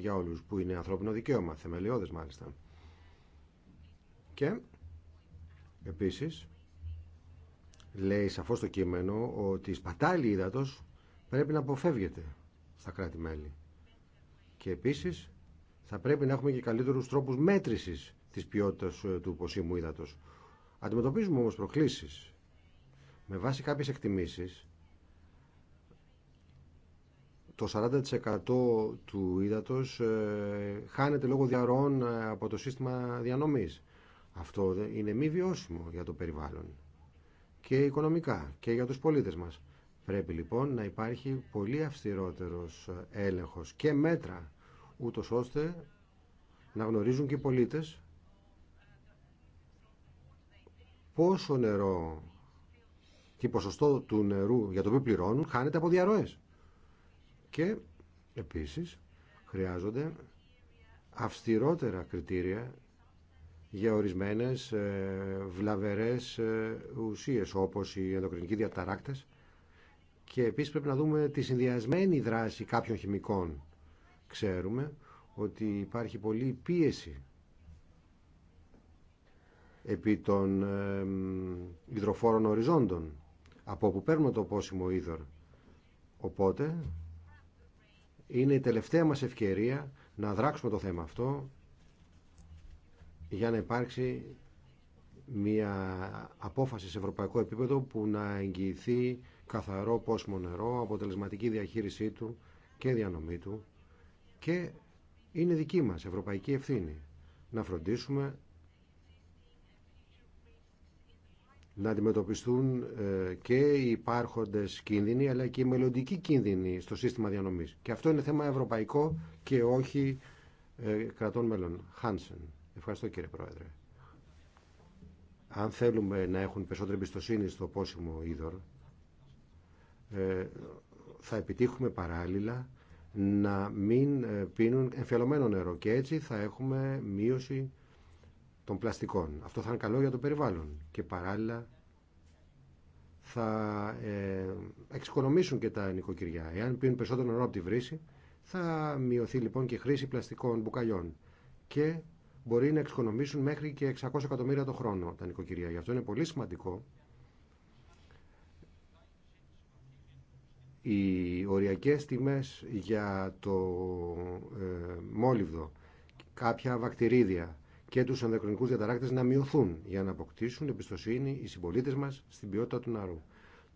για όλους που είναι ανθρώπινο δικαίωμα, θεμελιώδες μάλιστα. Και επίσης λέει σαφώς το κείμενο ότι η σπατάλη ύδατος πρέπει να αποφεύγεται στα κράτη-μέλη. Και επίσης θα πρέπει να έχουμε και καλύτερους τρόπους μέτρησης της ποιότητας ε, του ποσίμου ύδατος. Αντιμετωπίζουμε όμως προκλήσεις. Με βάση κάποιες εκτιμήσεις το 40% του ύδατος ε, χάνεται λόγω διαρροών ε, από το σύστημα διανομής. Αυτό είναι μη βιώσιμο για το περιβάλλον και οικονομικά και για τους πολίτες μας. Πρέπει λοιπόν να υπάρχει πολύ αυστηρότερος ε, έλεγχος και μέτρα ούτως ώστε να γνωρίζουν και οι πολίτες πόσο νερό και ποσοστό του νερού για το οποίο πληρώνουν χάνεται από διαρροές. Και επίσης χρειάζονται αυστηρότερα κριτήρια για ορισμένες ε, βλαβερές ε, ουσίες όπως οι ενδοκρινικοί διαταράκτες και επίσης πρέπει να δούμε τη συνδυασμένη δράση κάποιων χημικών. Ξέρουμε ότι υπάρχει πολλή πίεση επί των ε, υδροφόρων οριζόντων από όπου παίρνουμε το πόσιμο είδωρ. Οπότε είναι η τελευταία μας ευκαιρία να δράξουμε το θέμα αυτό για να υπάρξει μια απόφαση σε ευρωπαϊκό επίπεδο που να εγγυηθεί καθαρό πόσμο νερό, αποτελεσματική διαχείρισή του και διανομή του και είναι δική μας ευρωπαϊκή ευθύνη να φροντίσουμε να αντιμετωπιστούν ε, και οι υπάρχοντες κίνδυνοι αλλά και οι μελλοντικοί κίνδυνοι στο σύστημα διανομής. Και αυτό είναι θέμα ευρωπαϊκό και όχι ε, κρατών μέλων. Χάνσεν. Ευχαριστώ κύριε Πρόεδρε. Αν θέλουμε να έχουν περισσότερη εμπιστοσύνη στο πόσιμο είδωρ, ε, θα επιτύχουμε παράλληλα να μην πίνουν εμφιαλωμένο νερό και έτσι θα έχουμε μείωση των πλαστικών. Αυτό θα είναι καλό για το περιβάλλον και παράλληλα θα ε, εξοικονομήσουν και τα νοικοκυριά. Εάν πίνουν περισσότερο νερό από τη βρύση, θα μειωθεί λοιπόν και χρήση πλαστικών μπουκαλιών και μπορεί να εξοικονομήσουν μέχρι και 600 εκατομμύρια το χρόνο τα νοικοκυριά. Γι' αυτό είναι πολύ σημαντικό οι οριακές τιμές για το ε, μόλιβδο, κάποια βακτηρίδια, και του ενδοκρινικού διαταράκτε να μειωθούν για να αποκτήσουν εμπιστοσύνη οι συμπολίτε μα στην ποιότητα του νερού.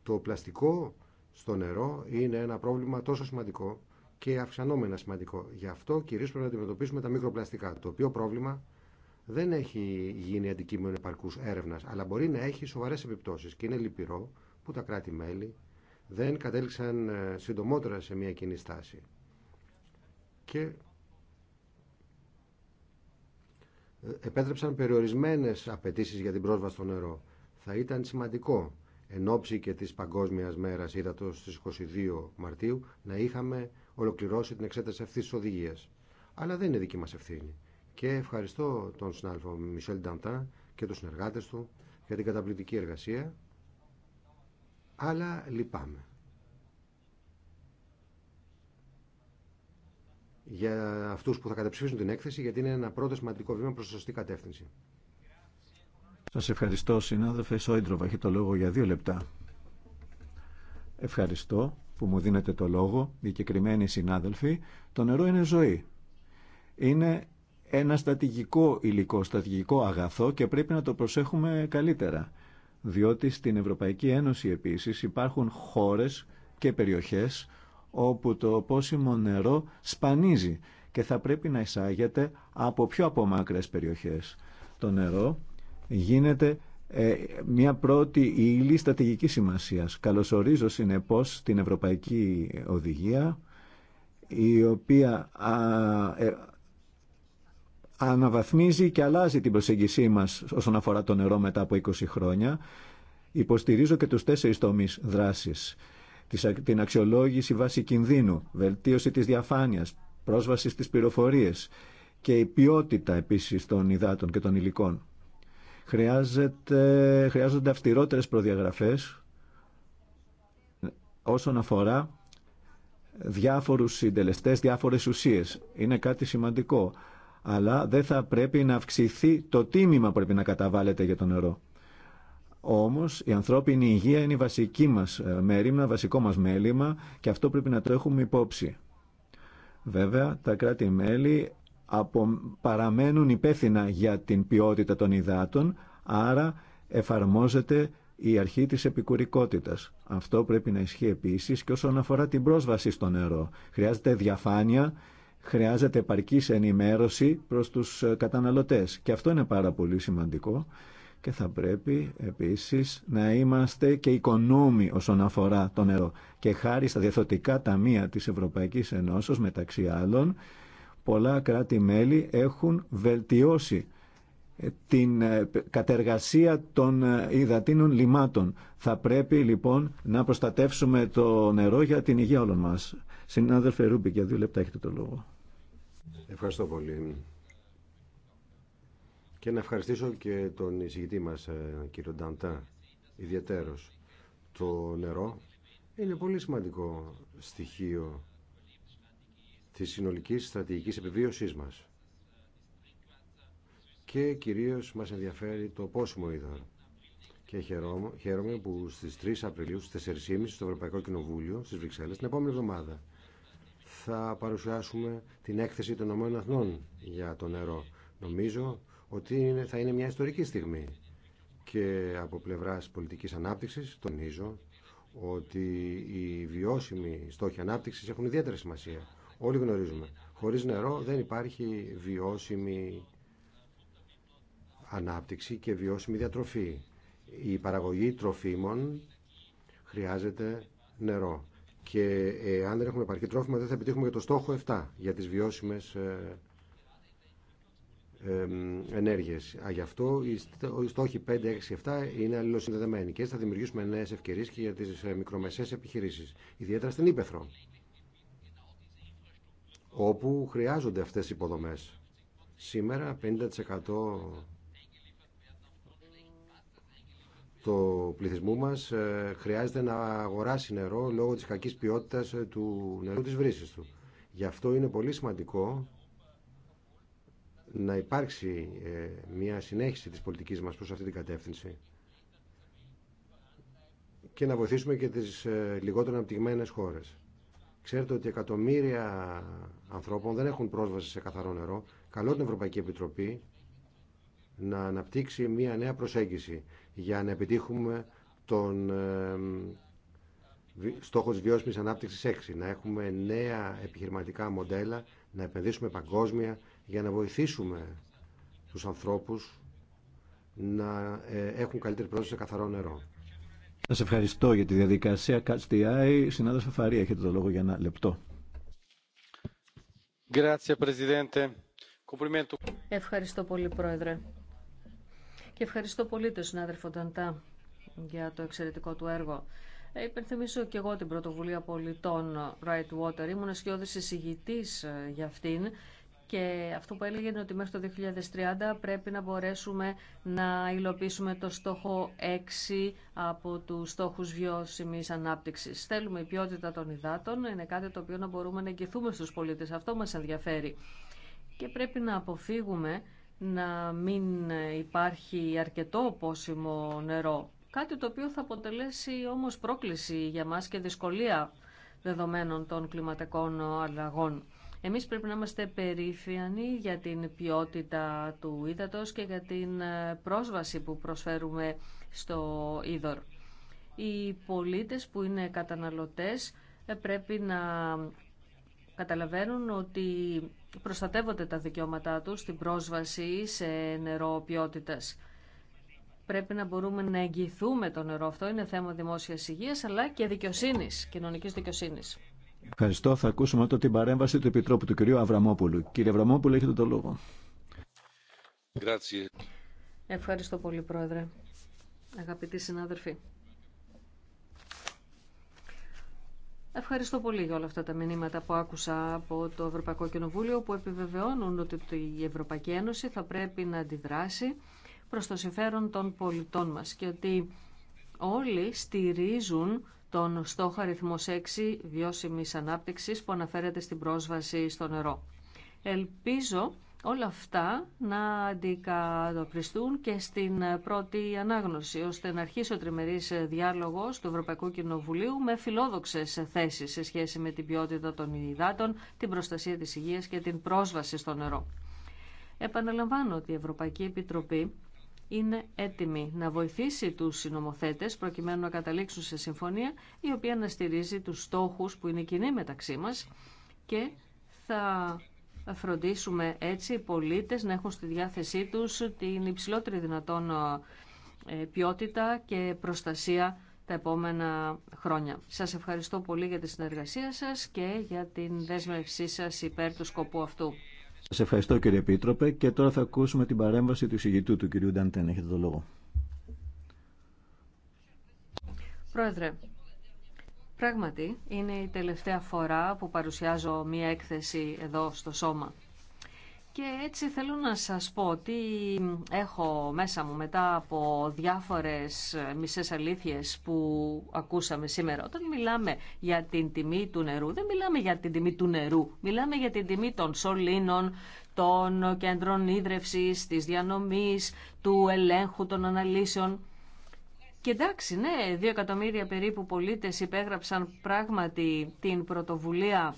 Το πλαστικό στο νερό είναι ένα πρόβλημα τόσο σημαντικό και αυξανόμενα σημαντικό. Γι' αυτό κυρίω πρέπει να αντιμετωπίσουμε τα μικροπλαστικά, το οποίο πρόβλημα δεν έχει γίνει αντικείμενο επαρκού έρευνα, αλλά μπορεί να έχει σοβαρέ επιπτώσει και είναι λυπηρό που τα κράτη-μέλη δεν κατέληξαν ε, συντομότερα σε μια κοινή στάση. Και επέτρεψαν περιορισμένες απαιτήσει για την πρόσβαση στο νερό. Θα ήταν σημαντικό εν ώψη και της Παγκόσμιας Μέρας Ήδατος στις 22 Μαρτίου να είχαμε ολοκληρώσει την εξέταση αυτής τη οδηγία. Αλλά δεν είναι δική μας ευθύνη. Και ευχαριστώ τον συνάδελφο Μισελ Νταντά και τους συνεργάτες του για την καταπληκτική εργασία, αλλά λυπάμαι για αυτούς που θα καταψηφίσουν την έκθεση γιατί είναι ένα πρώτο σημαντικό βήμα προς σωστή κατεύθυνση. Σας ευχαριστώ συνάδελφε Σόιντροβα. Έχει το λόγο για δύο λεπτά. Ευχαριστώ που μου δίνετε το λόγο, δικαιοκριμένοι συνάδελφοι. Το νερό είναι ζωή. Είναι ένα στατηγικό υλικό, στατηγικό αγαθό και πρέπει να το προσέχουμε καλύτερα. Διότι στην Ευρωπαϊκή Ένωση επίσης υπάρχουν χώρες και περιοχές όπου το πόσιμο νερό σπανίζει και θα πρέπει να εισάγεται από πιο απομάκρες περιοχές. Το νερό γίνεται ε, μια πρώτη ύλη στρατηγικής σημασίας. Καλωσορίζω συνεπώς την Ευρωπαϊκή Οδηγία η οποία ε, αναβαθμίζει και αλλάζει την προσέγγισή μας όσον αφορά το νερό μετά από 20 χρόνια. Υποστηρίζω και τους τέσσερις τομείς δράσης την αξιολόγηση βάση κινδύνου, βελτίωση της διαφάνειας, πρόσβαση στις πληροφορίες και η ποιότητα επίσης των υδάτων και των υλικών. Χρειάζεται, χρειάζονται αυστηρότερες προδιαγραφές όσον αφορά διάφορους συντελεστέ, διάφορες ουσίες. Είναι κάτι σημαντικό. Αλλά δεν θα πρέπει να αυξηθεί το τίμημα που πρέπει να καταβάλλεται για το νερό. Όμως η ανθρώπινη υγεία είναι η βασική μας ε, βασικό μας μέλημα και αυτό πρέπει να το έχουμε υπόψη. Βέβαια, τα κράτη-μέλη από παραμένουν υπεύθυνα για την ποιότητα των υδάτων, άρα εφαρμόζεται η αρχή της επικουρικότητας. Αυτό πρέπει να ισχύει επίσης και όσον αφορά την πρόσβαση στο νερό. Χρειάζεται διαφάνεια, χρειάζεται επαρκής ενημέρωση προς τους ε, καταναλωτές και αυτό είναι πάρα πολύ σημαντικό και θα πρέπει επίσης να είμαστε και οικονόμοι όσον αφορά το νερό. Και χάρη στα διαθωτικά ταμεία της Ευρωπαϊκής Ενώσεως μεταξύ άλλων, πολλά κράτη-μέλη έχουν βελτιώσει ε, την ε, κατεργασία των ε, υδατίνων λιμάτων. Θα πρέπει λοιπόν να προστατεύσουμε το νερό για την υγεία όλων μας. Συνάδελφε Ρούμπη, για δύο λεπτά έχετε το λόγο. Ευχαριστώ πολύ και να ευχαριστήσω και τον εισηγητή μας, ε, κύριο Νταντά, ιδιαίτερος. Το νερό είναι πολύ σημαντικό στοιχείο της συνολικής στρατηγικής επιβίωσής μας. Και κυρίως μας ενδιαφέρει το πόσιμο είδωρο. Και χαίρομαι, χαίρομαι που στις 3 Απριλίου, στις 4.30 στο Ευρωπαϊκό Κοινοβούλιο, στις Βρυξέλλες, την επόμενη εβδομάδα, θα παρουσιάσουμε την έκθεση των ΟΕΕ για το νερό. Νομίζω ότι θα είναι μια ιστορική στιγμή και από πλευράς πολιτικής ανάπτυξης τονίζω ότι οι βιώσιμοι στόχοι ανάπτυξης έχουν ιδιαίτερη σημασία. Όλοι γνωρίζουμε. Χωρίς νερό δεν υπάρχει βιώσιμη ανάπτυξη και βιώσιμη διατροφή. Η παραγωγή τροφίμων χρειάζεται νερό. Και αν δεν έχουμε επαρκή τρόφιμα δεν θα επιτύχουμε και το στόχο 7 για τις βιώσιμες ε, ενέργειες. Γι' αυτό οι στόχοι 5, 6 και 7 είναι αλληλοσυνδεδεμένοι και έτσι θα δημιουργήσουμε νέες ευκαιρίες και για τις ε, μικρομεσαίες επιχειρήσεις, ιδιαίτερα στην Ήπεθρο, όπου χρειάζονται αυτές οι υποδομές. Σήμερα 50% το πληθυσμού μας ε, χρειάζεται να αγοράσει νερό λόγω της κακής ποιότητας ε, του νερού της βρύσης του. Γι' αυτό είναι πολύ σημαντικό να υπάρξει ε, μια συνέχιση της πολιτικής μας προς αυτή την κατεύθυνση και να βοηθήσουμε και τις ε, λιγότερο αναπτυγμένες χώρες. Ξέρετε ότι εκατομμύρια ανθρώπων δεν έχουν πρόσβαση σε καθαρό νερό. Καλό την Ευρωπαϊκή Επιτροπή να αναπτύξει μια νέα προσέγγιση για να επιτύχουμε τον ε, στόχο της βιώσιμης ανάπτυξης 6, να έχουμε νέα επιχειρηματικά μοντέλα, να επενδύσουμε παγκόσμια για να βοηθήσουμε τους ανθρώπους να ε, έχουν καλύτερη πρόσβαση σε καθαρό νερό. Σας ευχαριστώ για τη διαδικασία. Κάτσε τη Άι, Συνάδελφε Φαρία, έχετε το λόγο για ένα λεπτό. Ευχαριστώ πολύ, Πρόεδρε. Και ευχαριστώ πολύ τον συνάδελφο Νταντά για το εξαιρετικό του έργο. Ε, υπενθυμίσω και εγώ την πρωτοβουλία πολιτών Right Water. Ήμουν αισιόδηση εισηγητής ε, για αυτήν και αυτό που έλεγε είναι ότι μέχρι το 2030 πρέπει να μπορέσουμε να υλοποιήσουμε το στόχο 6 από τους στόχους βιώσιμης ανάπτυξης. Θέλουμε η ποιότητα των υδάτων, είναι κάτι το οποίο να μπορούμε να εγγυθούμε στους πολίτες. Αυτό μας ενδιαφέρει. Και πρέπει να αποφύγουμε να μην υπάρχει αρκετό πόσιμο νερό. Κάτι το οποίο θα αποτελέσει όμως πρόκληση για μας και δυσκολία δεδομένων των κλιματικών αλλαγών. Εμείς πρέπει να είμαστε περήφανοι για την ποιότητα του ύδατος και για την ε, πρόσβαση που προσφέρουμε στο είδωρ. Οι πολίτες που είναι καταναλωτές ε, πρέπει να καταλαβαίνουν ότι προστατεύονται τα δικαιώματά τους στην πρόσβαση σε νερό ποιότητας. Πρέπει να μπορούμε να εγγυηθούμε το νερό αυτό. Είναι θέμα δημόσιας υγείας αλλά και δικαιοσύνης, κοινωνικής δικαιοσύνης. Ευχαριστώ. Θα ακούσουμε τώρα την παρέμβαση του Επιτρόπου του κυρίου Αβραμόπουλου. Κύριε Αβραμόπουλο, έχετε το λόγο. Ευχαριστώ πολύ, Πρόεδρε. Αγαπητοί συνάδελφοι. Ευχαριστώ πολύ για όλα αυτά τα μηνύματα που άκουσα από το Ευρωπαϊκό Κοινοβούλιο που επιβεβαιώνουν ότι η Ευρωπαϊκή Ένωση θα πρέπει να αντιδράσει προς το συμφέρον των πολιτών μας και ότι όλοι στηρίζουν τον στόχο αριθμό 6 βιώσιμης ανάπτυξης που αναφέρεται στην πρόσβαση στο νερό. Ελπίζω όλα αυτά να αντικατοπτριστούν και στην πρώτη ανάγνωση, ώστε να αρχίσει ο τριμερής διάλογος του Ευρωπαϊκού Κοινοβουλίου με φιλόδοξες θέσεις σε σχέση με την ποιότητα των υδάτων, την προστασία της υγείας και την πρόσβαση στο νερό. Επαναλαμβάνω ότι η Ευρωπαϊκή Επιτροπή είναι έτοιμη να βοηθήσει τους συνομοθέτες προκειμένου να καταλήξουν σε συμφωνία η οποία να στηρίζει τους στόχους που είναι κοινοί μεταξύ μας και θα φροντίσουμε έτσι οι πολίτες να έχουν στη διάθεσή τους την υψηλότερη δυνατόν ε, ποιότητα και προστασία τα επόμενα χρόνια. Σας ευχαριστώ πολύ για τη συνεργασία σας και για την δέσμευσή σας υπέρ του σκοπού αυτού. Σας ευχαριστώ κύριε Επίτροπε και τώρα θα ακούσουμε την παρέμβαση του εισηγητού του κυρίου Νταντέν. Έχετε το λόγο. Πρόεδρε, πράγματι είναι η τελευταία φορά που παρουσιάζω μία έκθεση εδώ στο σώμα. Και έτσι θέλω να σας πω ότι έχω μέσα μου μετά από διάφορες μισές αλήθειες που ακούσαμε σήμερα. Όταν μιλάμε για την τιμή του νερού, δεν μιλάμε για την τιμή του νερού. Μιλάμε για την τιμή των σωλήνων, των κέντρων ίδρευσης, της διανομής, του ελέγχου των αναλύσεων. Και εντάξει, ναι, δύο εκατομμύρια περίπου πολίτες υπέγραψαν πράγματι την πρωτοβουλία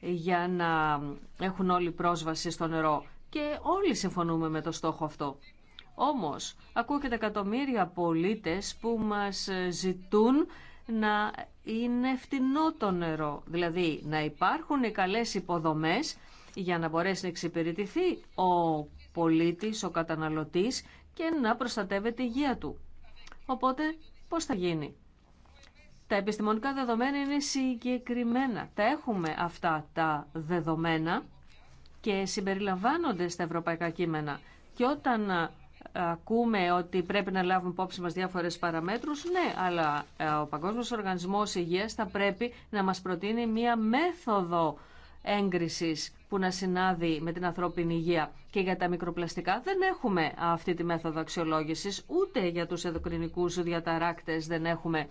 για να έχουν όλοι πρόσβαση στο νερό. Και όλοι συμφωνούμε με το στόχο αυτό. Όμως, ακούω και τα εκατομμύρια πολίτες που μας ζητούν να είναι φτηνό το νερό. Δηλαδή, να υπάρχουν οι καλές υποδομές για να μπορέσει να εξυπηρετηθεί ο πολίτης, ο καταναλωτής και να προστατεύεται η υγεία του. Οπότε, πώς θα γίνει. Τα επιστημονικά δεδομένα είναι συγκεκριμένα. Τα έχουμε αυτά τα δεδομένα και συμπεριλαμβάνονται στα ευρωπαϊκά κείμενα. Και όταν ε, ακούμε ότι πρέπει να λάβουμε υπόψη μας διάφορες παραμέτρους, ναι, αλλά ε, ο Παγκόσμιος Οργανισμός Υγείας θα πρέπει να μας προτείνει μία μέθοδο έγκρισης που να συνάδει με την ανθρώπινη υγεία. Και για τα μικροπλαστικά δεν έχουμε αυτή τη μέθοδο αξιολόγησης, ούτε για τους ενδοκρινικούς διαταράκτες δεν έχουμε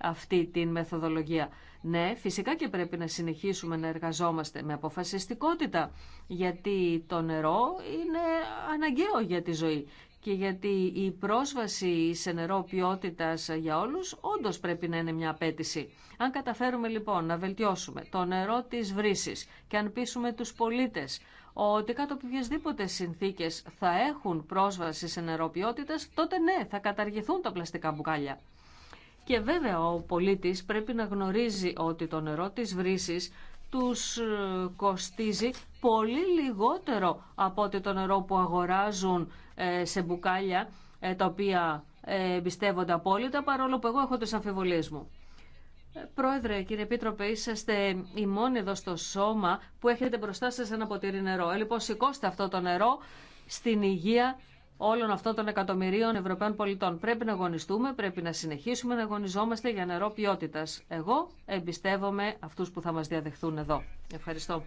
αυτή τη μεθοδολογία. Ναι, φυσικά και πρέπει να συνεχίσουμε να εργαζόμαστε με αποφασιστικότητα, γιατί το νερό είναι αναγκαίο για τη ζωή και γιατί η πρόσβαση σε νερό ποιότητας για όλους όντως πρέπει να είναι μια απέτηση. Αν καταφέρουμε λοιπόν να βελτιώσουμε το νερό της βρύσης και αν πείσουμε τους πολίτες ότι κάτω από οποιασδήποτε συνθήκες θα έχουν πρόσβαση σε νερό ποιότητας, τότε ναι, θα καταργηθούν τα πλαστικά μπουκάλια. Και βέβαια ο πολίτης πρέπει να γνωρίζει ότι το νερό της βρύσης τους ε, κοστίζει πολύ λιγότερο από ότι το νερό που αγοράζουν ε, σε μπουκάλια ε, τα οποία εμπιστεύονται απόλυτα παρόλο που εγώ έχω τις αμφιβολίες μου. Πρόεδρε, κύριε Επίτροπε, είσαστε η μόνη εδώ στο σώμα που έχετε μπροστά σας ένα ποτήρι νερό. Ε, λοιπόν, σηκώστε αυτό το νερό στην υγεία όλων αυτών των εκατομμυρίων Ευρωπαίων πολιτών. Πρέπει να αγωνιστούμε, πρέπει να συνεχίσουμε να αγωνιζόμαστε για νερό ποιότητα. Εγώ εμπιστεύομαι αυτού που θα μα διαδεχθούν εδώ. Ευχαριστώ.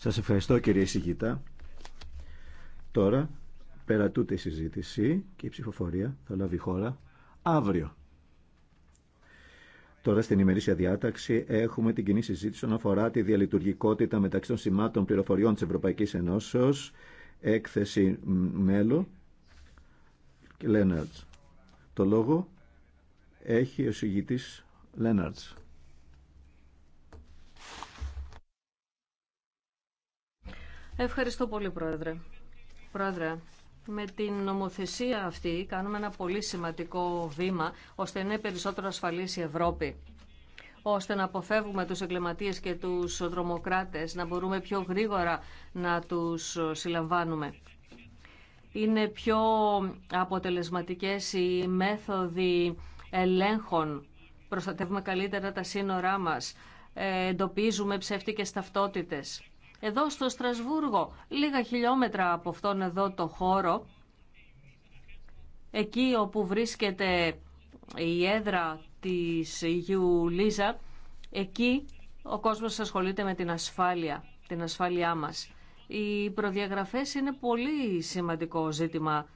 Σα ευχαριστώ κύριε Σιγητά. Τώρα, πέρα τούτη η συζήτηση και η ψηφοφορία θα λάβει χώρα αύριο. Τώρα στην ημερήσια διάταξη έχουμε την κοινή συζήτηση όσον αφορά τη διαλειτουργικότητα μεταξύ των σημάτων πληροφοριών της Ευρωπαϊκής Ενώσεως, έκθεση μέλο και Λέναρτς. Το λόγο έχει ο συγητής Λέναρτς. Ευχαριστώ πολύ, Πρόεδρε. Πρόεδρε, με την νομοθεσία αυτή κάνουμε ένα πολύ σημαντικό βήμα ώστε να είναι περισσότερο ασφαλής η Ευρώπη ώστε να αποφεύγουμε τους εγκληματίες και τους δρομοκράτες, να μπορούμε πιο γρήγορα να τους συλλαμβάνουμε είναι πιο αποτελεσματικές οι μέθοδοι ελέγχων, προστατεύουμε καλύτερα τα σύνορά μας, ε, εντοπίζουμε ψεύτικες ταυτότητες. Εδώ στο Στρασβούργο, λίγα χιλιόμετρα από αυτόν εδώ το χώρο, εκεί όπου βρίσκεται η έδρα της Λίζα, εκεί ο κόσμος ασχολείται με την ασφάλεια, την ασφάλειά μας. Οι προδιαγραφές είναι πολύ σημαντικό ζήτημα.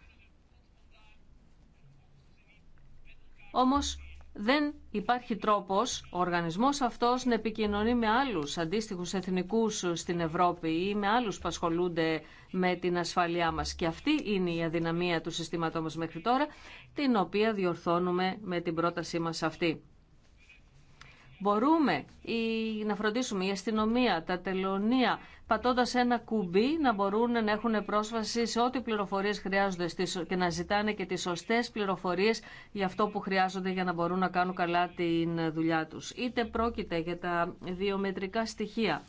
Όμως δεν υπάρχει τρόπος ο οργανισμός αυτός να επικοινωνεί με άλλους αντίστοιχους εθνικούς στην Ευρώπη ή με άλλους που ασχολούνται με την ασφαλειά μας. Και αυτή είναι η αδυναμία του συστήματός μας μέχρι τώρα, την οποία διορθώνουμε με την πρότασή μας αυτή. Μπορούμε η, να φροντίσουμε η αστυνομία, τα τελωνία, πατώντα ένα κουμπί να μπορούν να έχουν πρόσβαση σε ό,τι πληροφορίες χρειάζονται και να ζητάνε και τις σωστές πληροφορίες για αυτό που χρειάζονται για να μπορούν να κάνουν καλά την δουλειά τους. Είτε πρόκειται για τα βιομετρικά στοιχεία,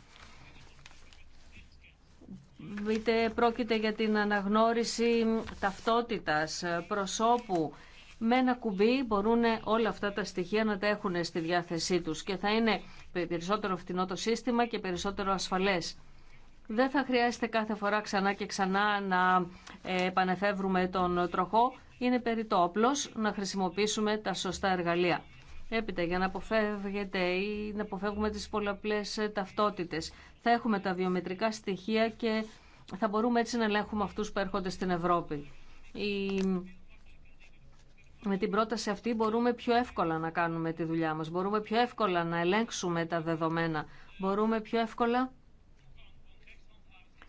είτε πρόκειται για την αναγνώριση ταυτότητας, προσώπου, με ένα κουμπί μπορούν όλα αυτά τα στοιχεία να τα έχουν στη διάθεσή τους και θα είναι περισσότερο φτηνό το σύστημα και περισσότερο ασφαλές. Δεν θα χρειάζεται κάθε φορά ξανά και ξανά να ε, επανεφεύρουμε τον τροχό. Είναι περιττό όπλός να χρησιμοποιήσουμε τα σωστά εργαλεία. Έπειτα, για να, αποφεύγετε ή να αποφεύγουμε τις πολλαπλές ε, ταυτότητες, θα έχουμε τα βιομετρικά στοιχεία και θα μπορούμε έτσι να ελέγχουμε αυτούς που έρχονται στην Ευρώπη με την πρόταση αυτή μπορούμε πιο εύκολα να κάνουμε τη δουλειά μας, μπορούμε πιο εύκολα να ελέγξουμε τα δεδομένα, μπορούμε πιο εύκολα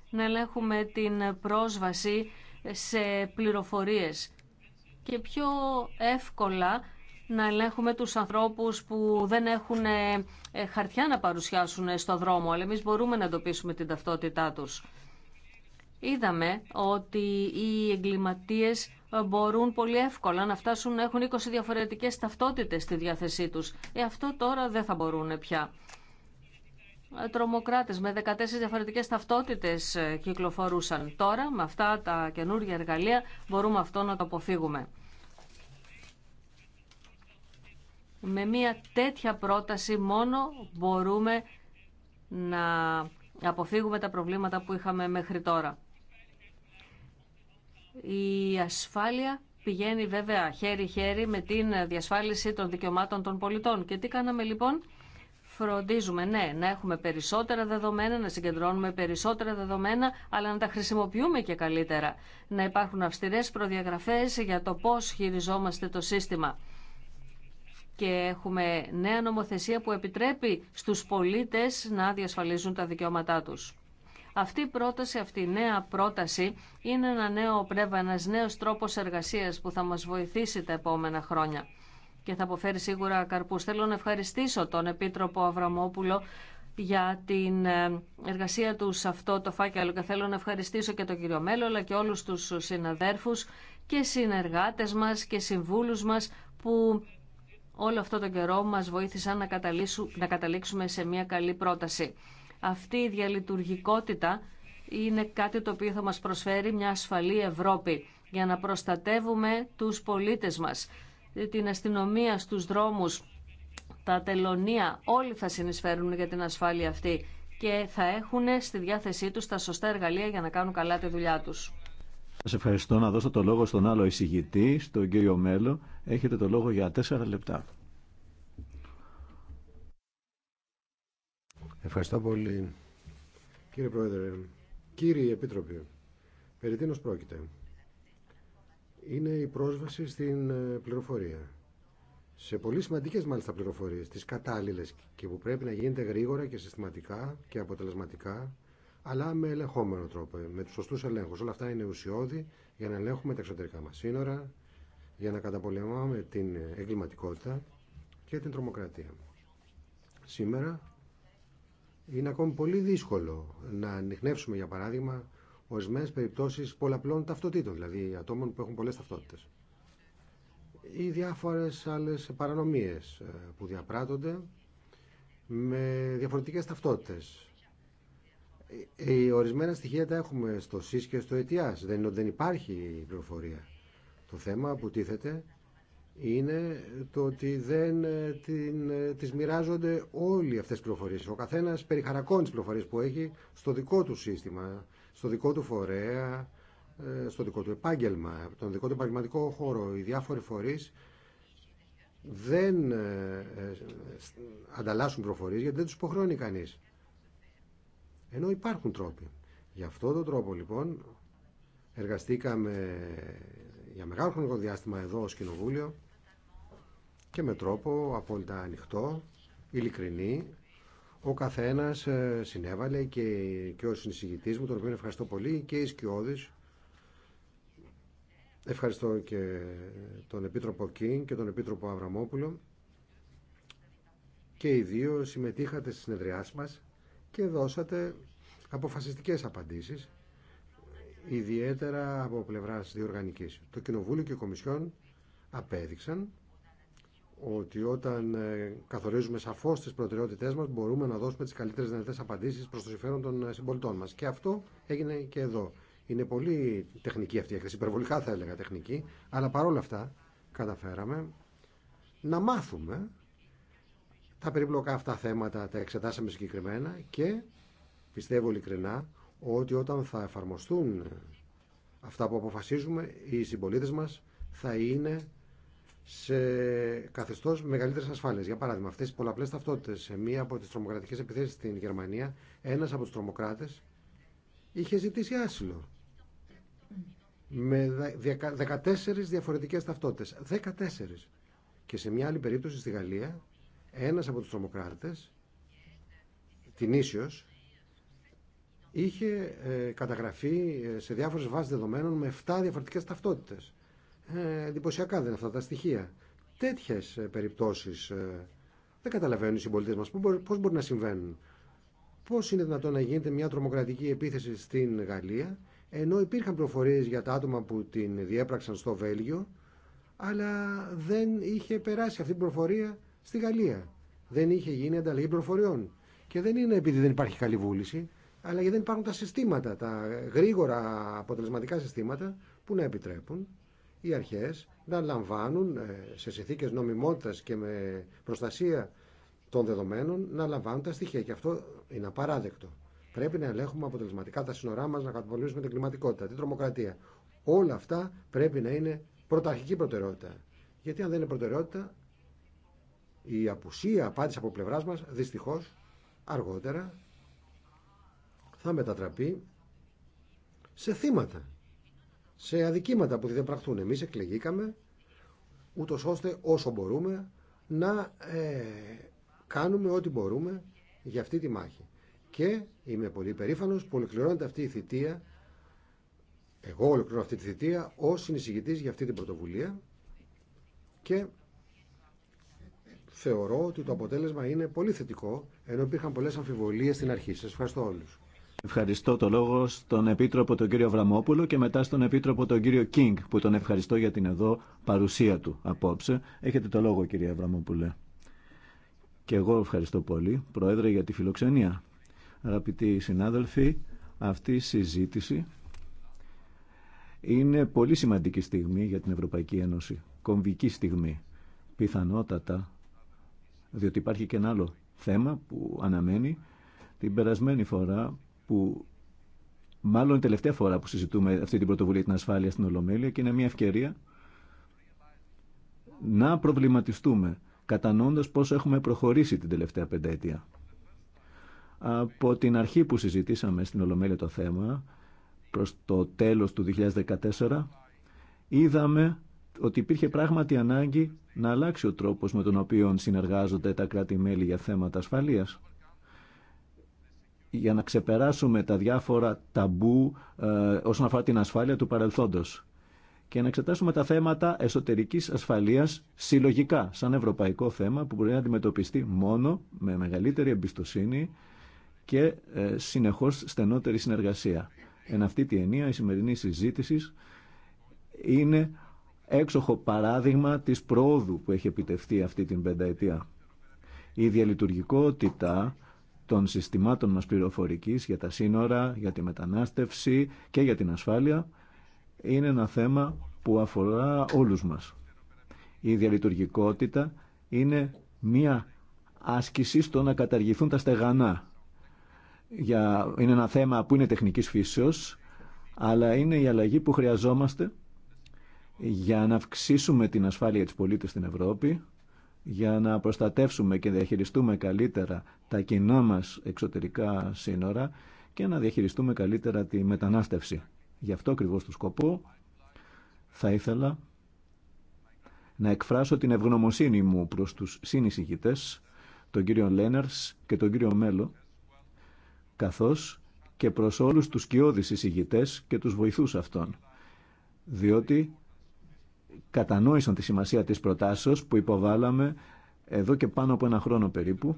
να ελέγχουμε την πρόσβαση σε πληροφορίες και πιο εύκολα να ελέγχουμε τους ανθρώπους που δεν έχουν ε, ε, χαρτιά να παρουσιάσουν στο δρόμο, αλλά εμείς μπορούμε να εντοπίσουμε την ταυτότητά τους. Είδαμε ότι οι εγκληματίες μπορούν πολύ εύκολα να φτάσουν να έχουν 20 διαφορετικές ταυτότητες στη διάθεσή τους. Ε, αυτό τώρα δεν θα μπορούν πια. Τρομοκράτες με 14 διαφορετικές ταυτότητες ε, κυκλοφορούσαν. Τώρα με αυτά τα καινούργια εργαλεία μπορούμε αυτό να το αποφύγουμε. Με μια τέτοια πρόταση μόνο μπορούμε να αποφύγουμε τα προβλήματα που είχαμε μέχρι τώρα. Η ασφάλεια πηγαίνει βέβαια χέρι-χέρι με την διασφάλιση των δικαιωμάτων των πολιτών. Και τι κάναμε λοιπόν, φροντίζουμε ναι, να έχουμε περισσότερα δεδομένα, να συγκεντρώνουμε περισσότερα δεδομένα, αλλά να τα χρησιμοποιούμε και καλύτερα. Να υπάρχουν αυστηρές προδιαγραφές για το πώς χειριζόμαστε το σύστημα. Και έχουμε νέα νομοθεσία που επιτρέπει στους πολίτες να διασφαλίζουν τα δικαιώματά τους. Αυτή η πρόταση, αυτή η νέα πρόταση είναι ένα νέο πνεύμα, ένα νέο τρόπος εργασίας που θα μας βοηθήσει τα επόμενα χρόνια και θα αποφέρει σίγουρα καρπούς. Θέλω να ευχαριστήσω τον Επίτροπο Αβραμόπουλο για την ε, εργασία του σε αυτό το φάκελο και θέλω να ευχαριστήσω και τον κύριο Μέλο αλλά και όλους τους συναδέρφους και συνεργάτες μας και συμβούλους μας που όλο αυτό το καιρό μας βοήθησαν να, να καταλήξουμε σε μια καλή πρόταση. Αυτή η διαλειτουργικότητα είναι κάτι το οποίο θα μας προσφέρει μια ασφαλή Ευρώπη για να προστατεύουμε τους πολίτες μας, την αστυνομία στους δρόμους, τα τελωνία, όλοι θα συνεισφέρουν για την ασφάλεια αυτή και θα έχουν στη διάθεσή τους τα σωστά εργαλεία για να κάνουν καλά τη δουλειά τους. Σας ευχαριστώ να δώσω το λόγο στον άλλο εισηγητή, στον κύριο Μέλο. Έχετε το λόγο για τέσσερα λεπτά. Ευχαριστώ πολύ. Κύριε Πρόεδρε, κύριοι Επίτροποι, περί τίνος πρόκειται. Είναι η πρόσβαση στην ε, πληροφορία. Σε πολύ σημαντικέ μάλιστα πληροφορίε, τι κατάλληλε και που πρέπει να γίνεται γρήγορα και συστηματικά και αποτελεσματικά, αλλά με ελεγχόμενο τρόπο, με του σωστού ελέγχου. Όλα αυτά είναι ουσιώδη για να ελέγχουμε τα εξωτερικά μα σύνορα, για να καταπολεμάμε την εγκληματικότητα και την τρομοκρατία. Σήμερα είναι ακόμη πολύ δύσκολο να ανοιχνεύσουμε, για παράδειγμα, ορισμένε περιπτώσει πολλαπλών ταυτοτήτων, δηλαδή ατόμων που έχουν πολλέ ταυτότητε. Ή διάφορε άλλε παρανομίε ε, που διαπράττονται με διαφορετικέ ταυτότητε. Ε, ε, ορισμένα στοιχεία τα έχουμε στο ΣΥΣ και στο ΕΤΙΑΣ. Δεν δεν υπάρχει πληροφορία. Το θέμα που τίθεται είναι το ότι δεν ε, την, ε, τις μοιράζονται όλοι αυτές τις πληροφορίες. Ο καθένας περιχαρακώνει τις πληροφορίες που έχει στο δικό του σύστημα, στο δικό του φορέα, ε, στο δικό του επάγγελμα, τον δικό του επαγγελματικό χώρο. Οι διάφοροι φορείς δεν ανταλλάσσουν πληροφορίες γιατί δεν τους υποχρεώνει κανείς. Ενώ υπάρχουν τρόποι. Γι' αυτόν τον τρόπο λοιπόν εργαστήκαμε για μεγάλο χρονικό διάστημα εδώ ως Κοινοβούλιο και με τρόπο απόλυτα ανοιχτό, ειλικρινή. Ο καθένας ε, συνέβαλε και, και ο συνεισηγητής μου, τον οποίο ευχαριστώ πολύ, και οι Σκιώδης. Ευχαριστώ και τον Επίτροπο Κίν και τον Επίτροπο Αβραμόπουλο. Και οι δύο συμμετείχατε στη συνεδριά μας και δώσατε αποφασιστικές απαντήσεις, ιδιαίτερα από πλευράς διοργανικής. Το Κοινοβούλιο και η Κομισιόν απέδειξαν ότι όταν ε, καθορίζουμε σαφώ τι προτεραιότητέ μα, μπορούμε να δώσουμε τι καλύτερε δυνατέ απαντήσει προ το συμφέρον των ε, συμπολιτών μα. Και αυτό έγινε και εδώ. Είναι πολύ τεχνική αυτή η έκθεση, υπερβολικά θα έλεγα τεχνική, αλλά παρόλα αυτά καταφέραμε να μάθουμε τα περίπλοκα αυτά θέματα, τα εξετάσαμε συγκεκριμένα και πιστεύω ειλικρινά ότι όταν θα εφαρμοστούν αυτά που αποφασίζουμε, οι συμπολίτε μα θα είναι σε καθεστώ μεγαλύτερη ασφάλεια. Για παράδειγμα, αυτέ οι πολλαπλέ ταυτότητε σε μία από τι τρομοκρατικέ επιθέσει στην Γερμανία, ένα από του τρομοκράτε είχε ζητήσει άσυλο. Με 14 διαφορετικέ ταυτότητε. 14. Και σε μια άλλη περίπτωση στη Γαλλία, ένα από του τρομοκράτε, την Ίσιο, είχε ε, καταγραφεί ε, σε διάφορε βάσει δεδομένων με 7 διαφορετικέ ταυτότητε. Ε, εντυπωσιακά δεν αυτά τα στοιχεία. Τέτοιε περιπτώσει ε, δεν καταλαβαίνουν οι συμπολίτε μα. Πώ μπορεί να συμβαίνουν. πώ είναι δυνατόν να γίνεται μια τρομοκρατική επίθεση στην Γαλλία ενώ υπήρχαν προφορίες για τα άτομα που την διέπραξαν στο Βέλγιο αλλά δεν είχε περάσει αυτή η προφορία στη Γαλλία. Δεν είχε γίνει ανταλλαγή προφοριών. Και δεν είναι επειδή δεν υπάρχει καλή βούληση, αλλά γιατί δεν υπάρχουν τα συστήματα, τα γρήγορα αποτελεσματικά συστήματα που να επιτρέπουν οι αρχές να λαμβάνουν ε, σε συνθήκες νομιμότητας και με προστασία των δεδομένων να λαμβάνουν τα στοιχεία. Και αυτό είναι απαράδεκτο. Πρέπει να ελέγχουμε αποτελεσματικά τα σύνορά μας, να καταπολύσουμε την κλιματικότητα, την τρομοκρατία. Όλα αυτά πρέπει να είναι πρωταρχική προτεραιότητα. Γιατί αν δεν είναι προτεραιότητα, η απουσία απάντηση από πλευρά μας, δυστυχώ αργότερα θα μετατραπεί σε θύματα σε αδικήματα που δεν πραχθούν. Εμείς εκλεγήκαμε ούτως ώστε όσο μπορούμε να ε, κάνουμε ό,τι μπορούμε για αυτή τη μάχη. Και είμαι πολύ περήφανος που ολοκληρώνεται αυτή η θητεία, εγώ ολοκληρώνω αυτή τη θητεία ως συνεισηγητής για αυτή την πρωτοβουλία και θεωρώ ότι το αποτέλεσμα είναι πολύ θετικό, ενώ υπήρχαν πολλές αμφιβολίες στην αρχή. Σας ευχαριστώ όλους. Ευχαριστώ το λόγο στον Επίτροπο τον κύριο Βραμόπουλο και μετά στον Επίτροπο τον κύριο Κίνγκ που τον ευχαριστώ για την εδώ παρουσία του απόψε. Έχετε το λόγο κύριε Βραμόπουλε. Και εγώ ευχαριστώ πολύ, Πρόεδρε, για τη φιλοξενία. Αγαπητοί συνάδελφοι, αυτή η συζήτηση είναι πολύ σημαντική στιγμή για την Ευρωπαϊκή Ένωση. Κομβική στιγμή. Πιθανότατα, διότι υπάρχει και ένα άλλο θέμα που αναμένει. Την περασμένη φορά που μάλλον είναι η τελευταία φορά που συζητούμε αυτή την πρωτοβουλία την ασφάλεια στην Ολομέλεια και είναι μια ευκαιρία να προβληματιστούμε κατανοώντας πόσο έχουμε προχωρήσει την τελευταία πενταετία. Από την αρχή που συζητήσαμε στην Ολομέλεια το θέμα, προς το τέλος του 2014, είδαμε ότι υπήρχε πράγματι ανάγκη να αλλάξει ο τρόπος με τον οποίο συνεργάζονται τα κράτη-μέλη για θέματα ασφαλείας για να ξεπεράσουμε τα διάφορα ταμπού ε, όσον αφορά την ασφάλεια του παρελθόντος και να εξετάσουμε τα θέματα εσωτερικής ασφαλείας συλλογικά, σαν ευρωπαϊκό θέμα που μπορεί να αντιμετωπιστεί μόνο με μεγαλύτερη εμπιστοσύνη και ε, συνεχώς στενότερη συνεργασία. Εν αυτή τη ενία η σημερινή συζήτηση είναι έξοχο παράδειγμα της πρόοδου που έχει επιτευχθεί αυτή την πενταετία. Η διαλειτουργικότητα των συστημάτων μας πληροφορικής για τα σύνορα, για τη μετανάστευση και για την ασφάλεια είναι ένα θέμα που αφορά όλους μας. Η διαλειτουργικότητα είναι μία άσκηση στο να καταργηθούν τα στεγανά. Για, είναι ένα θέμα που είναι τεχνικής φύσεως, αλλά είναι η αλλαγή που χρειαζόμαστε για να αυξήσουμε την ασφάλεια της πολίτες στην Ευρώπη, για να προστατεύσουμε και διαχειριστούμε καλύτερα τα κοινά μας εξωτερικά σύνορα και να διαχειριστούμε καλύτερα τη μετανάστευση. Γι' αυτό ακριβώς το σκοπό θα ήθελα να εκφράσω την ευγνωμοσύνη μου προς τους συνεισηγητές, τον κύριο Λένερς και τον κύριο Μέλο, καθώς και προς όλους τους κοιόδης εισηγητές και τους βοηθούς αυτών, διότι κατανόησαν τη σημασία της προτάσεως που υποβάλαμε εδώ και πάνω από ένα χρόνο περίπου.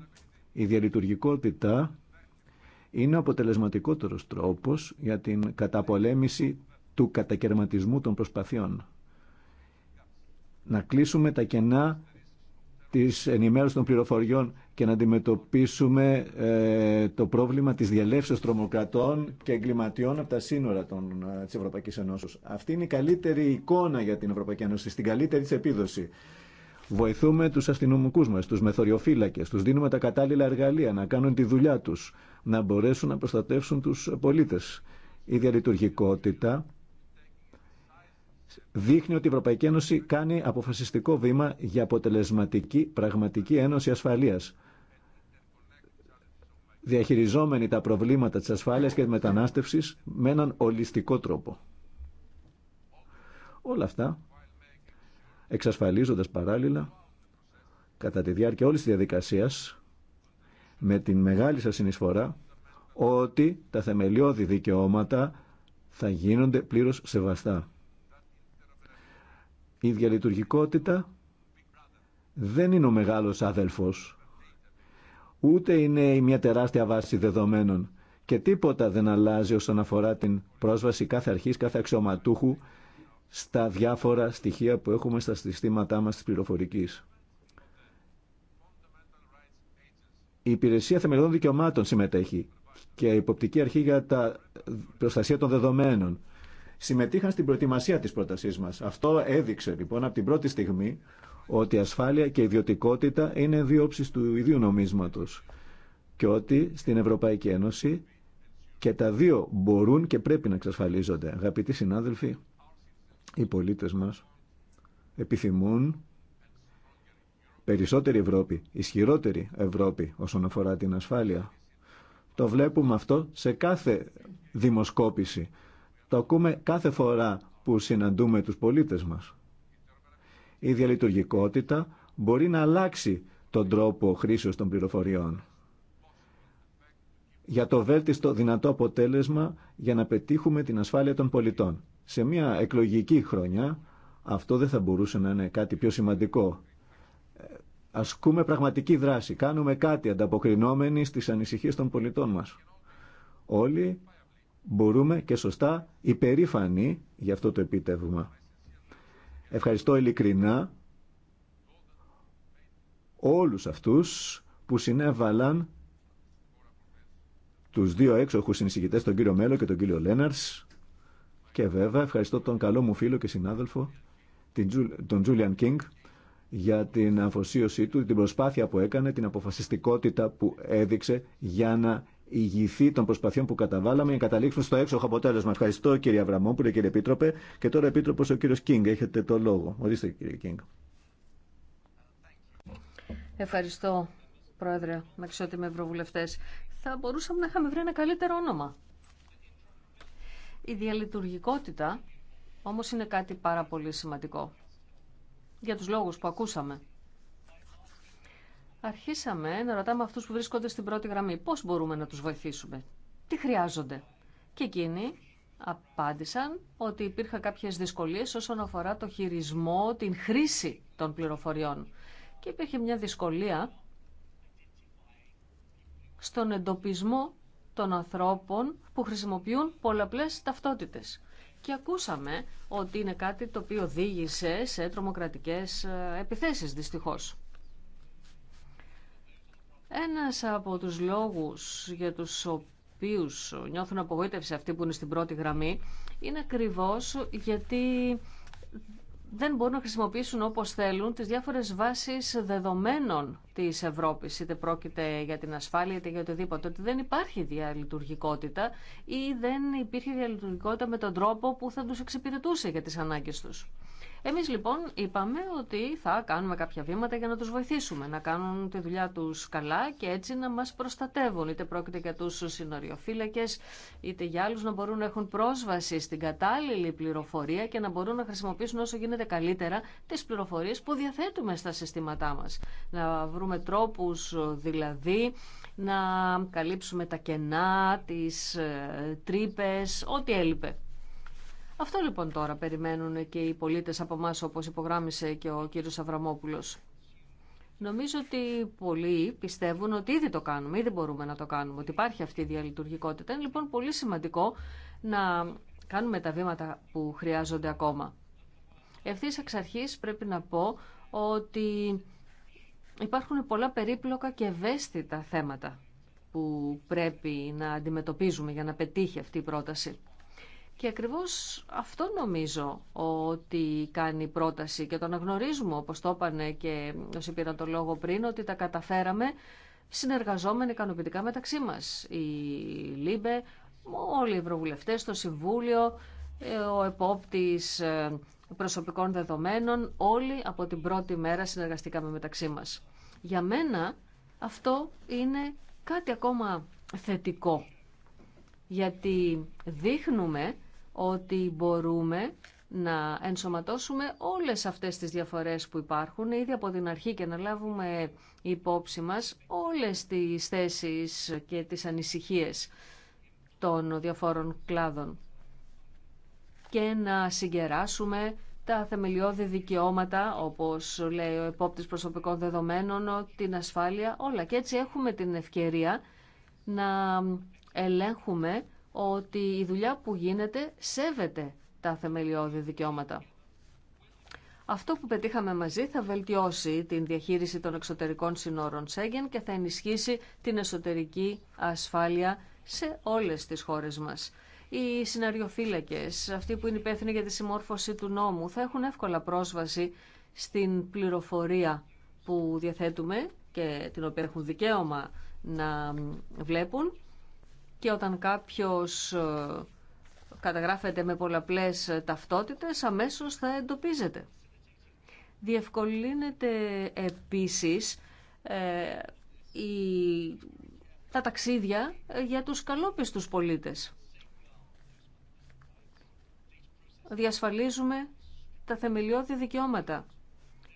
Η διαλειτουργικότητα είναι ο αποτελεσματικότερος τρόπος για την καταπολέμηση του κατακαιρματισμού των προσπαθειών. Να κλείσουμε τα κενά της ενημέρωσης των πληροφοριών και να αντιμετωπίσουμε ε, το πρόβλημα της διαλέψεως τρομοκρατών και εγκληματιών από τα σύνορα των, ε, της Ευρωπαϊκής Αυτή είναι η καλύτερη εικόνα για την Ευρωπαϊκή Ένωση, στην καλύτερη της επίδοση. Βοηθούμε τους αστυνομικούς μας, τους μεθοριοφύλακες, τους δίνουμε τα κατάλληλα εργαλεία να κάνουν τη δουλειά τους, να μπορέσουν να προστατεύσουν τους πολίτες. Η διαλειτουργικότητα δείχνει ότι η Ευρωπαϊκή Ένωση κάνει αποφασιστικό βήμα για αποτελεσματική πραγματική ένωση ασφαλείας διαχειριζόμενοι τα προβλήματα της ασφάλειας και της μετανάστευσης με έναν ολιστικό τρόπο. Όλα αυτά εξασφαλίζοντας παράλληλα κατά τη διάρκεια όλης της διαδικασίας με την μεγάλη σας συνεισφορά ότι τα θεμελιώδη δικαιώματα θα γίνονται πλήρως σεβαστά. Η διαλειτουργικότητα δεν είναι ο μεγάλος αδελφός ούτε είναι μια τεράστια βάση δεδομένων και τίποτα δεν αλλάζει όσον αφορά την πρόσβαση κάθε αρχής, κάθε αξιωματούχου στα διάφορα στοιχεία που έχουμε στα συστήματά μας της πληροφορικής. Η Υπηρεσία Θεμελιών Δικαιωμάτων συμμετέχει και η Υποπτική Αρχή για τα Προστασία των Δεδομένων συμμετείχαν στην προετοιμασία της πρότασής μας. Αυτό έδειξε λοιπόν από την πρώτη στιγμή ότι ασφάλεια και ιδιωτικότητα είναι δύο όψεις του ιδίου νομίσματος και ότι στην Ευρωπαϊκή Ένωση και τα δύο μπορούν και πρέπει να εξασφαλίζονται. Αγαπητοί συνάδελφοι, οι πολίτες μας επιθυμούν περισσότερη Ευρώπη, ισχυρότερη Ευρώπη όσον αφορά την ασφάλεια. Το βλέπουμε αυτό σε κάθε δημοσκόπηση. Το ακούμε κάθε φορά που συναντούμε τους πολίτες μας. Η διαλειτουργικότητα μπορεί να αλλάξει τον τρόπο χρήσεως των πληροφοριών για το βέλτιστο δυνατό αποτέλεσμα για να πετύχουμε την ασφάλεια των πολιτών. Σε μια εκλογική χρονιά αυτό δεν θα μπορούσε να είναι κάτι πιο σημαντικό. Ε, ασκούμε πραγματική δράση, κάνουμε κάτι ανταποκρινόμενοι στις ανησυχίες των πολιτών μας. Όλοι μπορούμε και σωστά υπερήφανοι για αυτό το επίτευγμα. Ευχαριστώ ειλικρινά όλους αυτούς που συνέβαλαν τους δύο έξοχους συνεισηγητές, τον κύριο Μέλο και τον κύριο Λέναρς και βέβαια ευχαριστώ τον καλό μου φίλο και συνάδελφο τον Τζούλιαν Κίνγκ για την αφοσίωσή του, την προσπάθεια που έκανε, την αποφασιστικότητα που έδειξε για να ηγηθεί των προσπαθειών που καταβάλαμε για να καταλήξουμε στο έξοχο αποτέλεσμα. Ευχαριστώ κύριε Αβραμόπουλε, κύριε Επίτροπε. Και τώρα Επίτροπο ο κύριο Κίνγκ. Έχετε το λόγο. Ορίστε κύριε Κίνγκ. Ευχαριστώ, Πρόεδρε, με ευρωβουλευτέ. Θα μπορούσαμε να είχαμε βρει ένα καλύτερο όνομα. Η διαλειτουργικότητα όμως είναι κάτι πάρα πολύ σημαντικό. Για τους λόγους που ακούσαμε αρχίσαμε να ρωτάμε αυτούς που βρίσκονται στην πρώτη γραμμή πώς μπορούμε να τους βοηθήσουμε, τι χρειάζονται. Και εκείνοι απάντησαν ότι υπήρχαν κάποιες δυσκολίες όσον αφορά το χειρισμό, την χρήση των πληροφοριών. Και υπήρχε μια δυσκολία στον εντοπισμό των ανθρώπων που χρησιμοποιούν πολλαπλές ταυτότητες. Και ακούσαμε ότι είναι κάτι το οποίο οδήγησε σε τρομοκρατικές ε, επιθέσεις, δυστυχώς. Ένας από τους λόγους για τους οποίους νιώθουν απογοήτευση αυτοί που είναι στην πρώτη γραμμή είναι ακριβώς γιατί δεν μπορούν να χρησιμοποιήσουν όπως θέλουν τις διάφορες βάσεις δεδομένων της Ευρώπης, είτε πρόκειται για την ασφάλεια είτε για οτιδήποτε, ότι δεν υπάρχει διαλειτουργικότητα ή δεν υπήρχε διαλειτουργικότητα με τον τρόπο που θα τους εξυπηρετούσε για τις ανάγκες τους. Εμείς λοιπόν είπαμε ότι θα κάνουμε κάποια βήματα για να τους βοηθήσουμε, να κάνουν τη δουλειά τους καλά και έτσι να μας προστατεύουν, είτε πρόκειται για του συνοριοφύλακε, είτε για άλλου να μπορούν να έχουν πρόσβαση στην κατάλληλη πληροφορία και να μπορούν να χρησιμοποιήσουν όσο γίνεται καλύτερα τις πληροφορίες που διαθέτουμε στα συστήματά μα. Να βρούμε τρόπου, δηλαδή να καλύψουμε τα κενά, τι ε, τρύπε, ό,τι έλειπε. Αυτό λοιπόν τώρα περιμένουν και οι πολίτες από εμά όπως υπογράμμισε και ο κύριος Αβραμόπουλος. Νομίζω ότι πολλοί πιστεύουν ότι ήδη το κάνουμε, ήδη μπορούμε να το κάνουμε, ότι υπάρχει αυτή η διαλειτουργικότητα. Είναι λοιπόν πολύ σημαντικό να κάνουμε τα βήματα που χρειάζονται ακόμα. Ευθύ εξ αρχής πρέπει να πω ότι υπάρχουν πολλά περίπλοκα και ευαίσθητα θέματα που πρέπει να αντιμετωπίζουμε για να πετύχει αυτή η πρόταση. Και ακριβώς αυτό νομίζω ότι κάνει πρόταση και το αναγνωρίζουμε όπως το και όσοι πήραν το λόγο πριν ότι τα καταφέραμε συνεργαζόμενοι ικανοποιητικά μεταξύ μας. Η ΛΥΜΠΕ, όλοι οι ευρωβουλευτέ, το Συμβούλιο, ε, ο επόπτης ε, προσωπικών δεδομένων, όλοι από την πρώτη μέρα συνεργαστήκαμε μεταξύ μας. Για μένα αυτό είναι κάτι ακόμα θετικό, γιατί δείχνουμε ότι μπορούμε να ενσωματώσουμε όλες αυτές τις διαφορές που υπάρχουν ήδη από την αρχή και να λάβουμε υπόψη μας όλες τις θέσεις και τις ανησυχίες των διαφόρων κλάδων και να συγκεράσουμε τα θεμελιώδη δικαιώματα, όπως λέει ο επόπτης προσωπικών δεδομένων, την ασφάλεια, όλα. Και έτσι έχουμε την ευκαιρία να ελέγχουμε ότι η δουλειά που γίνεται σέβεται τα θεμελιώδη δικαιώματα. Αυτό που πετύχαμε μαζί θα βελτιώσει την διαχείριση των εξωτερικών συνόρων Σέγγεν και θα ενισχύσει την εσωτερική ασφάλεια σε όλες τις χώρες μας. Οι συναριοφύλακες, αυτοί που είναι υπεύθυνοι για τη συμμόρφωση του νόμου, θα έχουν εύκολα πρόσβαση στην πληροφορία που διαθέτουμε και την οποία έχουν δικαίωμα να βλέπουν και όταν κάποιος ε, καταγράφεται με πολλαπλές ταυτότητες αμέσως θα εντοπίζεται. Διευκολύνεται επίσης ε, τα ταξίδια ε, για τους καλόπιστους πολίτες. Διασφαλίζουμε τα θεμελιώδη δικαιώματα.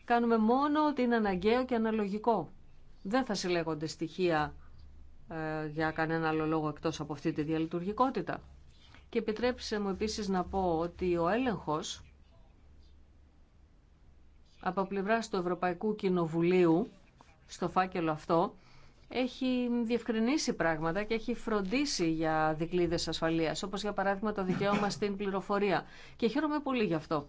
Κάνουμε μόνο ότι είναι αναγκαίο και αναλογικό. Δεν θα συλλέγονται στοιχεία ε, για κανένα άλλο λόγο εκτός από αυτή τη διαλειτουργικότητα. Και επιτρέψτε μου επίσης να πω ότι ο έλεγχος από πλευρά του Ευρωπαϊκού Κοινοβουλίου στο φάκελο αυτό έχει διευκρινίσει πράγματα και έχει φροντίσει για δικλείδες ασφαλείας, όπως για παράδειγμα το δικαίωμα στην πληροφορία. Και χαίρομαι πολύ γι' αυτό.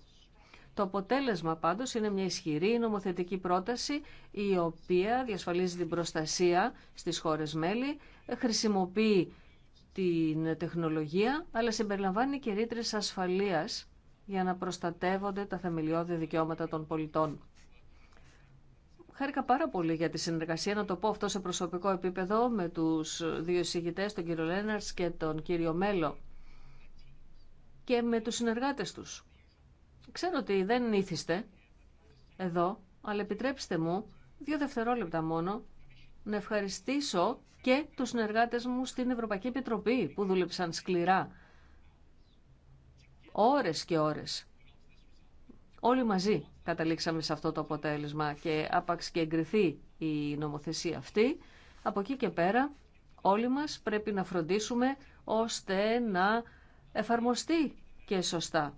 Το αποτέλεσμα πάντως είναι μια ισχυρή νομοθετική πρόταση η οποία διασφαλίζει την προστασία στις χώρες μέλη, χρησιμοποιεί την τεχνολογία αλλά συμπεριλαμβάνει και ρήτρες ασφαλείας για να προστατεύονται τα θεμελιώδη δικαιώματα των πολιτών. Χάρηκα πάρα πολύ για τη συνεργασία, να το πω αυτό σε προσωπικό επίπεδο, με τους δύο εισηγητές, τον κύριο Λέναρτς και τον κύριο Μέλο και με τους συνεργάτες τους. Ξέρω ότι δεν ήθιστε εδώ, αλλά επιτρέψτε μου δύο δευτερόλεπτα μόνο να ευχαριστήσω και τους συνεργάτες μου στην Ευρωπαϊκή Επιτροπή που δούλεψαν σκληρά. Ώρες και ώρες. Όλοι μαζί καταλήξαμε σε αυτό το αποτέλεσμα και άπαξ και εγκριθεί η νομοθεσία αυτή. Από εκεί και πέρα όλοι μας πρέπει να φροντίσουμε ώστε να εφαρμοστεί και σωστά.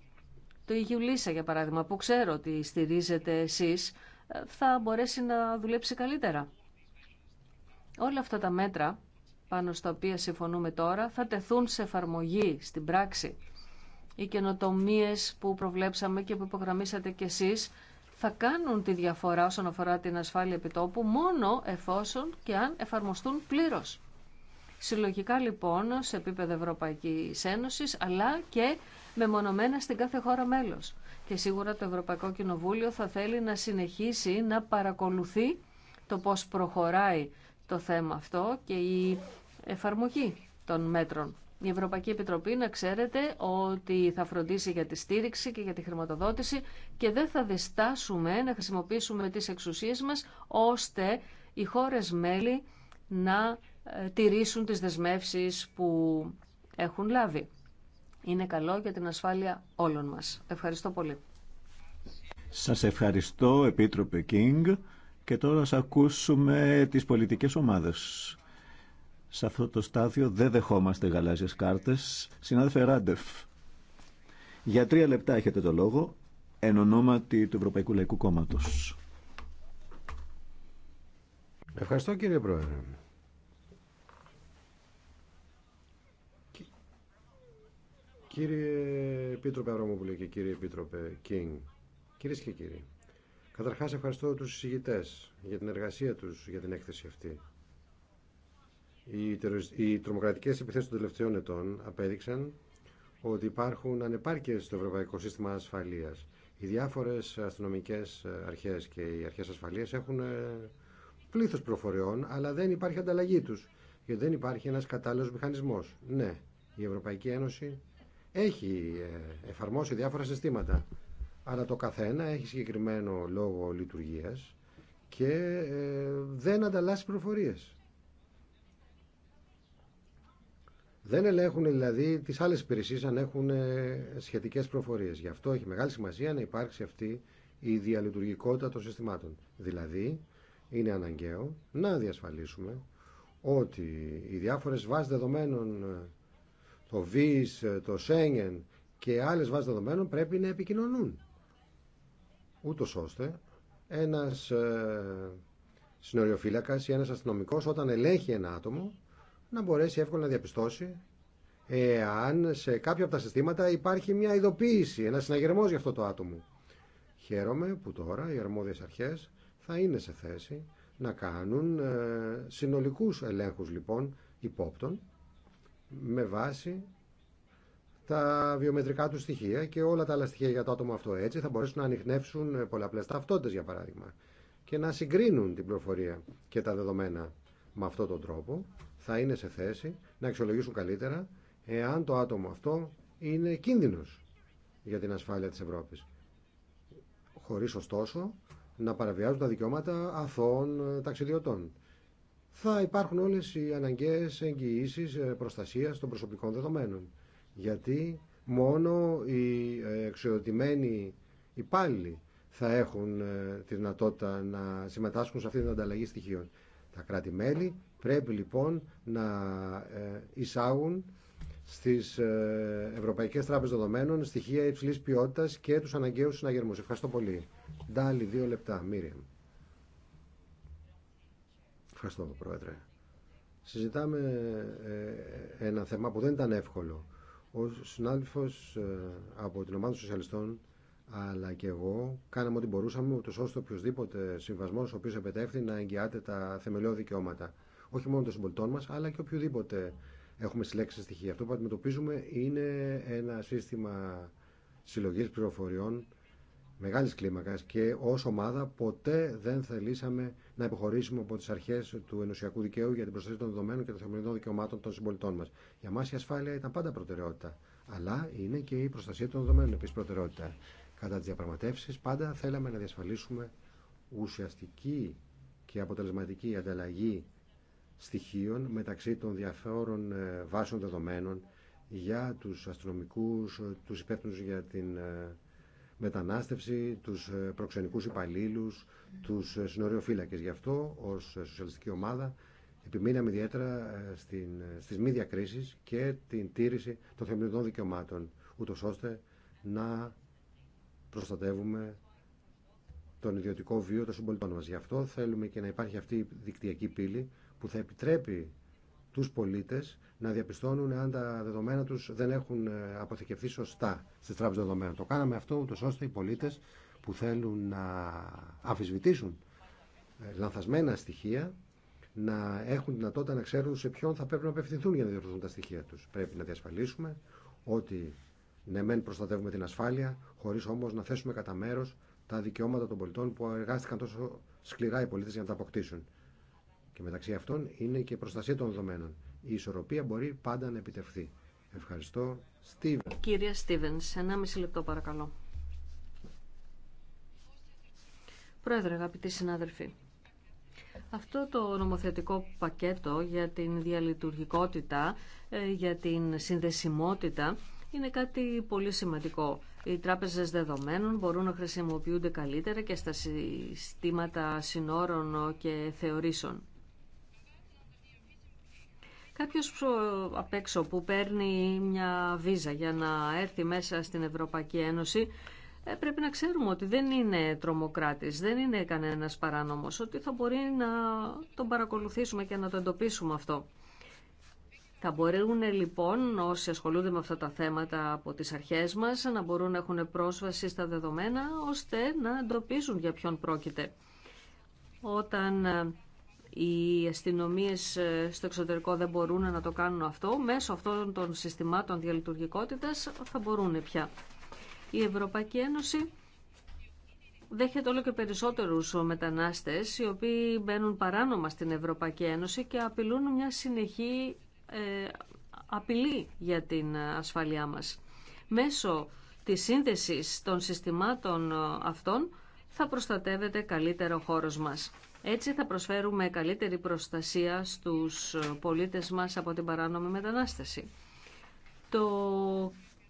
Το Ιγιουλίσα, για παράδειγμα, που ξέρω ότι στηρίζετε εσείς, ε, θα μπορέσει να δουλέψει καλύτερα. Όλα αυτά τα μέτρα πάνω στα οποία συμφωνούμε τώρα θα τεθούν σε εφαρμογή στην πράξη. Οι καινοτομίε που προβλέψαμε και που υπογραμμίσατε κι εσείς θα κάνουν τη διαφορά όσον αφορά την ασφάλεια επιτόπου μόνο εφόσον και αν εφαρμοστούν πλήρως. Συλλογικά λοιπόν σε επίπεδο Ευρωπαϊκής Ένωσης αλλά και μεμονωμένα στην κάθε χώρα μέλος. Και σίγουρα το Ευρωπαϊκό Κοινοβούλιο θα θέλει να συνεχίσει να παρακολουθεί το πώς προχωράει το θέμα αυτό και η εφαρμογή των μέτρων. Η Ευρωπαϊκή Επιτροπή να ξέρετε ότι θα φροντίσει για τη στήριξη και για τη χρηματοδότηση και δεν θα διστάσουμε να χρησιμοποιήσουμε τις εξουσίες μας ώστε οι χώρες μέλη να ε, τηρήσουν τις δεσμεύσεις που έχουν λάβει είναι καλό για την ασφάλεια όλων μας. Ευχαριστώ πολύ. Σας ευχαριστώ, Επίτροπε Κίνγκ. Και τώρα θα ακούσουμε τις πολιτικές ομάδες. Σε αυτό το στάδιο δεν δεχόμαστε γαλάζιες κάρτες. Συνάδελφε Ράντεφ, για τρία λεπτά έχετε το λόγο, εν ονόματι του Ευρωπαϊκού Λαϊκού Κόμματος. Ευχαριστώ κύριε Πρόεδρε. Κύριε Επίτροπε Αβραμόπουλε και κύριε Επίτροπε Κίνγκ, κυρίε και κύριοι, καταρχά ευχαριστώ του συζητητέ για την εργασία του για την έκθεση αυτή. Οι τρομοκρατικέ επιθέσει των τελευταίων ετών απέδειξαν ότι υπάρχουν ανεπάρκειες στο ευρωπαϊκό σύστημα ασφαλείας. Οι διάφορες αστυνομικές αρχές και οι αρχές ασφαλείας έχουν ε, πλήθος προφοριών, αλλά δεν υπάρχει ανταλλαγή τους, γιατί δεν υπάρχει ένας κατάλληλο μηχανισμός. Ναι, η Ευρωπαϊκή Ένωση έχει ε, εφαρμόσει διάφορα συστήματα, αλλά το καθένα έχει συγκεκριμένο λόγο λειτουργίας και ε, δεν ανταλλάσσει προφορίες. Δεν ελέγχουν δηλαδή τις άλλες υπηρεσίες αν έχουν ε, σχετικές προφορίες. Γι' αυτό έχει μεγάλη σημασία να υπάρξει αυτή η διαλειτουργικότητα των συστημάτων. Δηλαδή, είναι αναγκαίο να διασφαλίσουμε ότι οι διάφορες βάσεις δεδομένων το ΒΙΣ, το ΣΕΝΓΕΝ και άλλες βάσεις δεδομένων πρέπει να επικοινωνούν. Ούτως ώστε ένας ε, συνοριοφύλακας ή ένας αστυνομικός όταν ελέγχει ένα άτομο να μπορέσει εύκολα να διαπιστώσει εάν σε κάποια από τα συστήματα υπάρχει μια ειδοποίηση, ένα συναγερμός για αυτό το άτομο. Χαίρομαι που τώρα οι αρμόδιες αρχές θα είναι σε θέση να κάνουν ε, συνολικούς ελέγχους λοιπόν υπόπτων με βάση τα βιομετρικά του στοιχεία και όλα τα άλλα στοιχεία για το άτομο αυτό. Έτσι θα μπορέσουν να ανοιχνεύσουν πολλαπλέ ταυτότητε, για παράδειγμα και να συγκρίνουν την πληροφορία και τα δεδομένα. Με αυτόν τον τρόπο θα είναι σε θέση να αξιολογήσουν καλύτερα εάν το άτομο αυτό είναι κίνδυνος για την ασφάλεια τη Ευρώπη. Χωρί ωστόσο να παραβιάζουν τα δικαιώματα αθώων ταξιδιωτών θα υπάρχουν όλες οι αναγκαίες εγγυήσεις ε, προστασίας των προσωπικών δεδομένων. Γιατί μόνο οι εξοδοτημένοι υπάλληλοι θα έχουν ε, τη δυνατότητα να συμμετάσχουν σε αυτή την ανταλλαγή στοιχείων. Τα κράτη-μέλη πρέπει λοιπόν να ε, εισάγουν στις Ευρωπαϊκές Τράπεζες Δεδομένων στοιχεία υψηλής ποιότητας και τους αναγκαίους συναγερμούς. Ευχαριστώ πολύ. Ντάλι δύο λεπτά. Ευχαριστώ, Πρόεδρε. Συζητάμε ε, ένα θέμα που δεν ήταν εύκολο. Ο συνάδελφος ε, από την ομάδα των σοσιαλιστών αλλά και εγώ κάναμε ό,τι μπορούσαμε ούτω ώστε οποιοδήποτε συμβασμό ο οποίο επετεύχθη να εγγυάται τα θεμελιώδη δικαιώματα. Όχι μόνο των συμπολιτών μα, αλλά και οποιοδήποτε έχουμε συλλέξει στοιχεία. Αυτό που αντιμετωπίζουμε είναι ένα σύστημα συλλογή πληροφοριών μεγάλη κλίμακα και ω ομάδα ποτέ δεν θελήσαμε να υποχωρήσουμε από τι αρχέ του ενωσιακού δικαίου για την προστασία των δεδομένων και των θεμελιωδών δικαιωμάτων των συμπολιτών μα. Για μα η ασφάλεια ήταν πάντα προτεραιότητα. Αλλά είναι και η προστασία των δεδομένων επίση προτεραιότητα. Κατά τι διαπραγματεύσει, πάντα θέλαμε να διασφαλίσουμε ουσιαστική και αποτελεσματική ανταλλαγή στοιχείων μεταξύ των διαφόρων ε, βάσεων δεδομένων για τους αστυνομικούς, ε, τους υπεύθυνους για την ε, μετανάστευση, τους ε, προξενικούς υπαλλήλους, τους ε, συνοριοφύλακες. Γι' αυτό ως ε, σοσιαλιστική ομάδα επιμείναμε ιδιαίτερα στι στις μη διακρίσεις και την τήρηση των θεμελιωδών δικαιωμάτων, ούτω ώστε να προστατεύουμε τον ιδιωτικό βίο των συμπολιτών μα. Γι' αυτό θέλουμε και να υπάρχει αυτή η δικτυακή πύλη που θα επιτρέπει τους πολίτες να διαπιστώνουν αν τα δεδομένα τους δεν έχουν ε, αποθηκευθεί σωστά στις τράπεζες δεδομένων. Το κάναμε αυτό ούτως ώστε οι πολίτες που θέλουν να αμφισβητήσουν ε, λανθασμένα στοιχεία να έχουν δυνατότητα να ξέρουν σε ποιον θα πρέπει να απευθυνθούν για να διορθωθούν τα στοιχεία τους. Πρέπει να διασφαλίσουμε ότι ναι μεν προστατεύουμε την ασφάλεια χωρίς όμως να θέσουμε κατά μέρο τα δικαιώματα των πολιτών που εργάστηκαν τόσο σκληρά οι πολίτες για να τα αποκτήσουν. Και μεταξύ αυτών είναι και η προστασία των δεδομένων. Η ισορροπία μπορεί πάντα να επιτευχθεί. Ευχαριστώ. Στίβεν. Κυρία Στίβεν, μισή λεπτό παρακαλώ. Πρόεδρε, αγαπητοί συνάδελφοι, αυτό το νομοθετικό πακέτο για την διαλειτουργικότητα, ε, για την συνδεσιμότητα, είναι κάτι πολύ σημαντικό. Οι τράπεζες δεδομένων μπορούν να χρησιμοποιούνται καλύτερα και στα συστήματα συνόρων και θεωρήσεων. Κάποιο απ' έξω που παίρνει μια βίζα για να έρθει μέσα στην Ευρωπαϊκή Ένωση ε, πρέπει να ξέρουμε ότι δεν είναι τρομοκράτης, δεν είναι κανένας παράνομος, ότι θα μπορεί να τον παρακολουθήσουμε και να το εντοπίσουμε αυτό. Θα μπορούν λοιπόν όσοι ασχολούνται με αυτά τα θέματα από τις αρχές μας να μπορούν να έχουν πρόσβαση στα δεδομένα ώστε να εντοπίζουν για ποιον πρόκειται. Όταν ε, οι αστυνομίε ε, στο εξωτερικό δεν μπορούν να το κάνουν αυτό, μέσω αυτών των συστημάτων διαλειτουργικότητας θα μπορούν πια. Η Ευρωπαϊκή Ένωση δέχεται όλο και περισσότερους μετανάστες οι οποίοι μπαίνουν παράνομα στην Ευρωπαϊκή Ένωση και απειλούν μια συνεχή ε, απειλή για την ασφαλειά μας. Μέσω της σύνδεσης των συστημάτων ε, αυτών θα προστατεύεται καλύτερο ο χώρος μας. Έτσι θα προσφέρουμε καλύτερη προστασία στους πολίτες μας από την παράνομη μετανάστευση. Το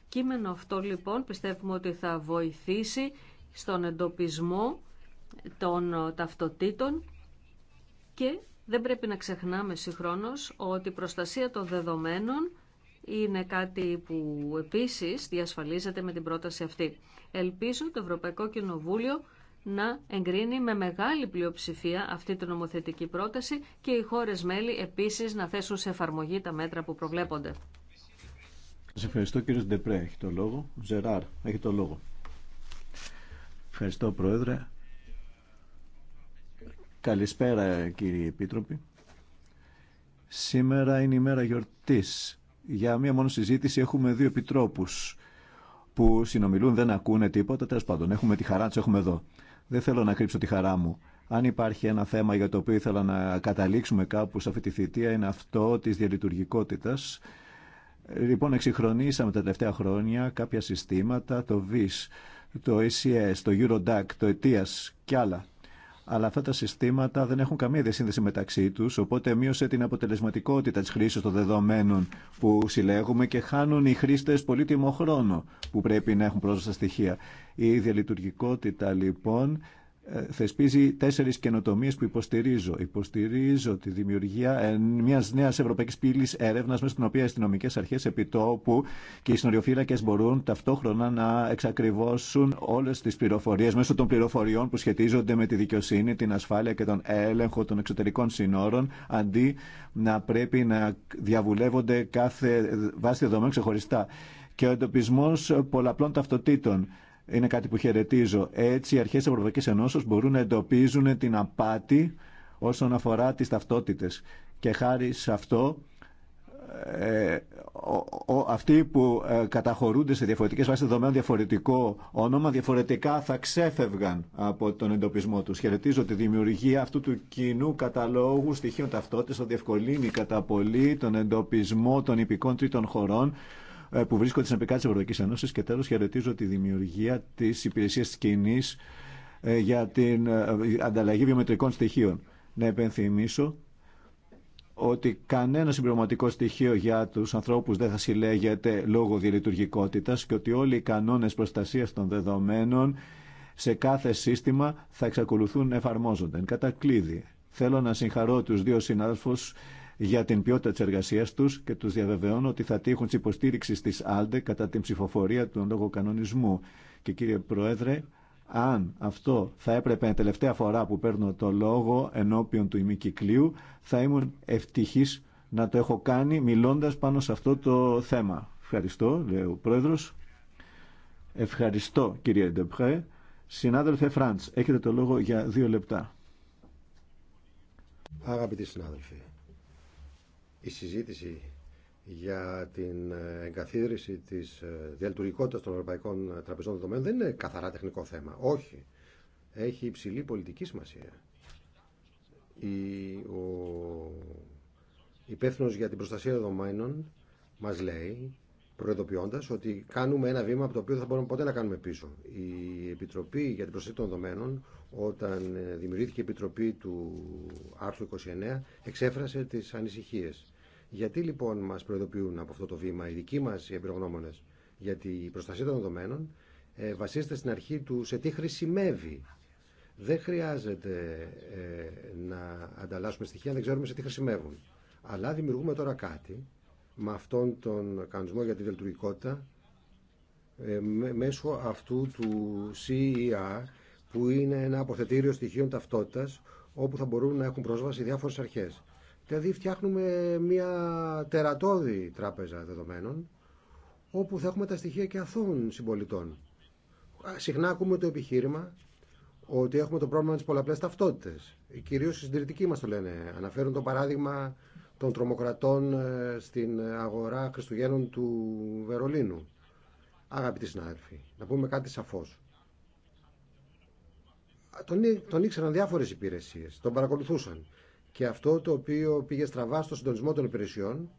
κείμενο αυτό λοιπόν πιστεύουμε ότι θα βοηθήσει στον εντοπισμό των ταυτοτήτων και δεν πρέπει να ξεχνάμε συγχρόνως ότι η προστασία των δεδομένων είναι κάτι που επίσης διασφαλίζεται με την πρόταση αυτή. Ελπίζω το Ευρωπαϊκό Κοινοβούλιο να εγκρίνει με μεγάλη πλειοψηφία αυτή την νομοθετική πρόταση και οι χώρες μέλη επίσης να θέσουν σε εφαρμογή τα μέτρα που προβλέπονται. Σας ευχαριστώ κύριε Ντεπρέ, έχει το λόγο. Ζεράρ, έχει το λόγο. Ευχαριστώ Πρόεδρε. Καλησπέρα κύριοι Επίτροποι. Σήμερα είναι η μέρα γιορτής. Για μία μόνο συζήτηση έχουμε δύο επιτρόπους που συνομιλούν, δεν ακούνε τίποτα. Τέλο πάντων, έχουμε τη χαρά του, έχουμε εδώ. Δεν θέλω να κρύψω τη χαρά μου. Αν υπάρχει ένα θέμα για το οποίο ήθελα να καταλήξουμε κάπου σε αυτή τη θητεία είναι αυτό της διαλειτουργικότητας. Λοιπόν, εξυγχρονίσαμε τα τελευταία χρόνια κάποια συστήματα, το VIS, το ACS, το Eurodac, το ETIAS και άλλα αλλά αυτά τα συστήματα δεν έχουν καμία διασύνδεση μεταξύ του, οπότε μείωσε την αποτελεσματικότητα τη χρήση των δεδομένων που συλλέγουμε και χάνουν οι χρήστε πολύτιμο χρόνο που πρέπει να έχουν πρόσβαση στα στοιχεία. Η διαλειτουργικότητα λοιπόν ε, θεσπίζει τέσσερι καινοτομίε που υποστηρίζω. Υποστηρίζω τη δημιουργία ε, μια νέα ευρωπαϊκή πύλη έρευνα, μέσα στην οποία οι αστυνομικέ αρχέ επιτόπου και οι συνοριοφύλακε μπορούν ταυτόχρονα να εξακριβώσουν όλε τι πληροφορίε μέσω των πληροφοριών που σχετίζονται με τη δικαιοσύνη, την ασφάλεια και τον έλεγχο των εξωτερικών συνόρων, αντί να πρέπει να διαβουλεύονται κάθε ε, βάση δεδομένων ξεχωριστά. Και ο εντοπισμό πολλαπλών ταυτοτήτων είναι κάτι που χαιρετίζω. Έτσι, οι αρχέ Ευρωπαϊκή Ενώσεω μπορούν να εντοπίζουν την απάτη όσον αφορά τι ταυτότητε. Και χάρη σε αυτό, ε, αυτοί που ε, καταχωρούνται σε διαφορετικές βάσεις δεδομένων διαφορετικό όνομα διαφορετικά θα ξέφευγαν από τον εντοπισμό τους. Χαιρετίζω τη δημιουργία αυτού του κοινού καταλόγου στοιχείων ταυτότητας θα διευκολύνει κατά πολύ τον εντοπισμό των υπηκών τρίτων χωρών ε, που βρίσκονται στην επικράτηση τη Ευρωπαϊκή Ένωση. Και τέλο, χαιρετίζω τη δημιουργία τη υπηρεσία τη κοινή ε, για την ε, ανταλλαγή βιομετρικών στοιχείων. Να επενθυμίσω ότι κανένα συμπληρωματικό στοιχείο για τους ανθρώπους δεν θα συλλέγεται λόγω διελειτουργικότητας και ότι όλοι οι κανόνες προστασίας των δεδομένων σε κάθε σύστημα θα εξακολουθούν να εφαρμόζονται. Κατά κλείδι, θέλω να συγχαρώ τους δύο συνάδελφους για την ποιότητα τη εργασία του και του διαβεβαιώνω ότι θα τύχουν τη υποστήριξη τη ΑΛΔΕ κατά την ψηφοφορία του λόγω κανονισμού. Και κύριε Πρόεδρε, αν αυτό θα έπρεπε τελευταία φορά που παίρνω το λόγο ενώπιον του ημικυκλίου, θα ήμουν ευτυχής να το έχω κάνει μιλώντα πάνω σε αυτό το θέμα. Ευχαριστώ, λέει ο Πρόεδρο. Ευχαριστώ, κύριε Ντεπχέ. Συνάδελφε Φράντ, έχετε το λόγο για δύο λεπτά. Αγαπητοί συνάδελφοι, η συζήτηση για την ε, εγκαθίδρυση της ε, διαλειτουργικότητας των ευρωπαϊκών ε, τραπεζών δεδομένων δεν είναι καθαρά τεχνικό θέμα. Όχι. Έχει υψηλή πολιτική σημασία. Η, ο υπεύθυνο για την προστασία δεδομένων μας λέει προειδοποιώντα ότι κάνουμε ένα βήμα από το οποίο θα μπορούμε ποτέ να κάνουμε πίσω. Η Επιτροπή για την Προστασία των Δεδομένων, όταν δημιουργήθηκε η Επιτροπή του άρθρου 29, εξέφρασε τι ανησυχίε γιατί λοιπόν μα προειδοποιούν από αυτό το βήμα οι δικοί μα οι εμπειρογνώμονε, Γιατί η προστασία των δεδομένων ε, βασίζεται στην αρχή του σε τι χρησιμεύει. Δεν χρειάζεται ε, να ανταλλάσσουμε στοιχεία, δεν ξέρουμε σε τι χρησιμεύουν. Αλλά δημιουργούμε τώρα κάτι με αυτόν τον κανονισμό για τη δελτουργικότητα ε, μέσω αυτού του CER που είναι ένα αποθετήριο στοιχείων ταυτότητας όπου θα μπορούν να έχουν πρόσβαση διάφορες αρχές. Δηλαδή φτιάχνουμε μια τερατώδη τράπεζα δεδομένων όπου θα έχουμε τα στοιχεία και αθώων συμπολιτών. Συχνά ακούμε το επιχείρημα ότι έχουμε το πρόβλημα της πολλαπλές ταυτότητες. Ε, κυρίως οι συντηρητικοί μας το λένε. Αναφέρουν το παράδειγμα των τρομοκρατών ε, στην αγορά Χριστουγέννων του Βερολίνου. Αγαπητοί συνάδελφοι, να πούμε κάτι σαφώς. Τον, τον ήξεραν διάφορες υπηρεσίες, τον παρακολουθούσαν. Και αυτό το οποίο πήγε στραβά στο συντονισμό των υπηρεσιών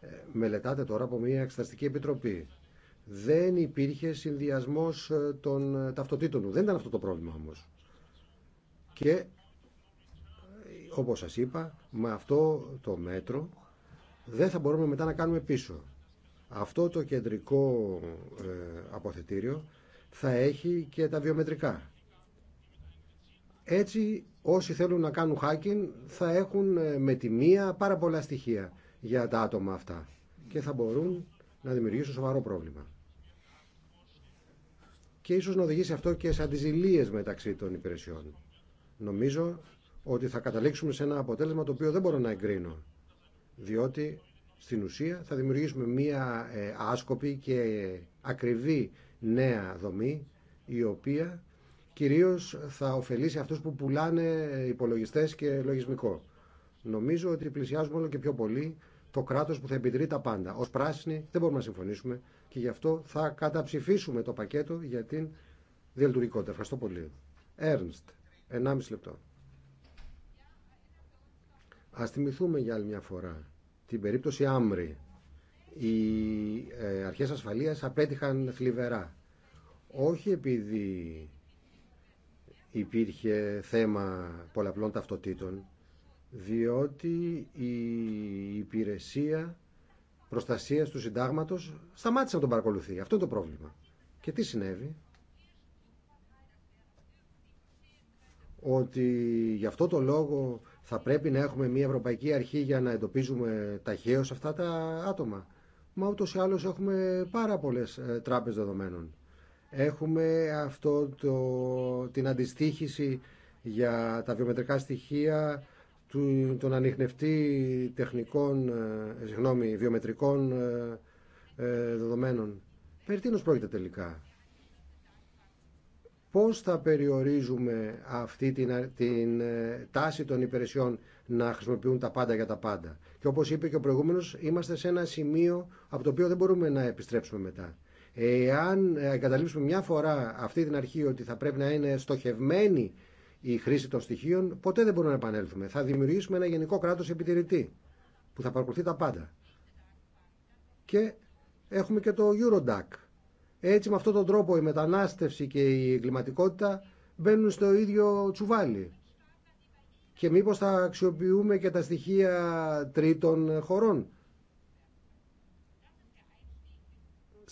ε, μελετάτε τώρα από μια εξεταστική επιτροπή. Δεν υπήρχε συνδυασμό ε, των ε, ταυτοτήτων του. Δεν ήταν αυτό το πρόβλημα όμω. Και όπως σας είπα, με αυτό το μέτρο δεν θα μπορούμε μετά να κάνουμε πίσω. Αυτό το κεντρικό αποθετήριο θα έχει και τα βιομετρικά. Έτσι όσοι θέλουν να κάνουν hacking θα έχουν ε, με τη μία πάρα πολλά στοιχεία για τα άτομα αυτά και θα μπορούν να δημιουργήσουν σοβαρό πρόβλημα. Και ίσως να οδηγήσει αυτό και σε αντιζηλίες μεταξύ των υπηρεσιών. Νομίζω ότι θα καταλήξουμε σε ένα αποτέλεσμα το οποίο δεν μπορώ να εγκρίνω. Διότι στην ουσία θα δημιουργήσουμε μία ε, άσκοπη και ε, ακριβή νέα δομή η οποία Κυρίω θα ωφελήσει αυτού που πουλάνε υπολογιστέ και λογισμικό. Νομίζω ότι πλησιάζουμε όλο και πιο πολύ το κράτο που θα επιτρεί τα πάντα. Ω πράσινοι δεν μπορούμε να συμφωνήσουμε και γι' αυτό θα καταψηφίσουμε το πακέτο για την διαλειτουργικότητα. Ευχαριστώ πολύ. Έρνστ, 1,5 λεπτό. Α θυμηθούμε για άλλη μια φορά την περίπτωση Άμρη. Οι ε, αρχές ασφαλείας απέτυχαν θλιβερά. Όχι επειδή υπήρχε θέμα πολλαπλών ταυτοτήτων διότι η υπηρεσία προστασίας του συντάγματος σταμάτησε να τον παρακολουθεί. Αυτό είναι το πρόβλημα. Και τι συνέβη. Ότι γι' αυτό το λόγο θα πρέπει να έχουμε μια ευρωπαϊκή αρχή για να εντοπίζουμε ταχαίως αυτά τα άτομα. Μα ούτως ή άλλως έχουμε πάρα πολλές ε, τράπεζες δεδομένων. Έχουμε αυτό το, την αντιστοίχηση για τα βιομετρικά στοιχεία του, τον ανοιχνευτή τεχνικών, ε, συγγνώμη, βιομετρικών ε, ε, δεδομένων. Περί τίνος πρόκειται τελικά. Πώς θα περιορίζουμε αυτή την, την τάση των υπηρεσιών να χρησιμοποιούν τα πάντα για τα πάντα. Και όπως είπε και ο προηγούμενος, είμαστε σε ένα σημείο από το οποίο δεν μπορούμε να επιστρέψουμε μετά. Εάν ε, εγκαταλείψουμε μια φορά αυτή την αρχή ότι θα πρέπει να είναι στοχευμένη η χρήση των στοιχείων, ποτέ δεν μπορούμε να επανέλθουμε. Θα δημιουργήσουμε ένα γενικό κράτος επιτηρητή που θα παρακολουθεί τα πάντα. Και έχουμε και το Eurodac. Έτσι με αυτόν τον τρόπο η μετανάστευση και η εγκληματικότητα μπαίνουν στο ίδιο τσουβάλι. Και μήπως θα αξιοποιούμε και τα στοιχεία τρίτων χωρών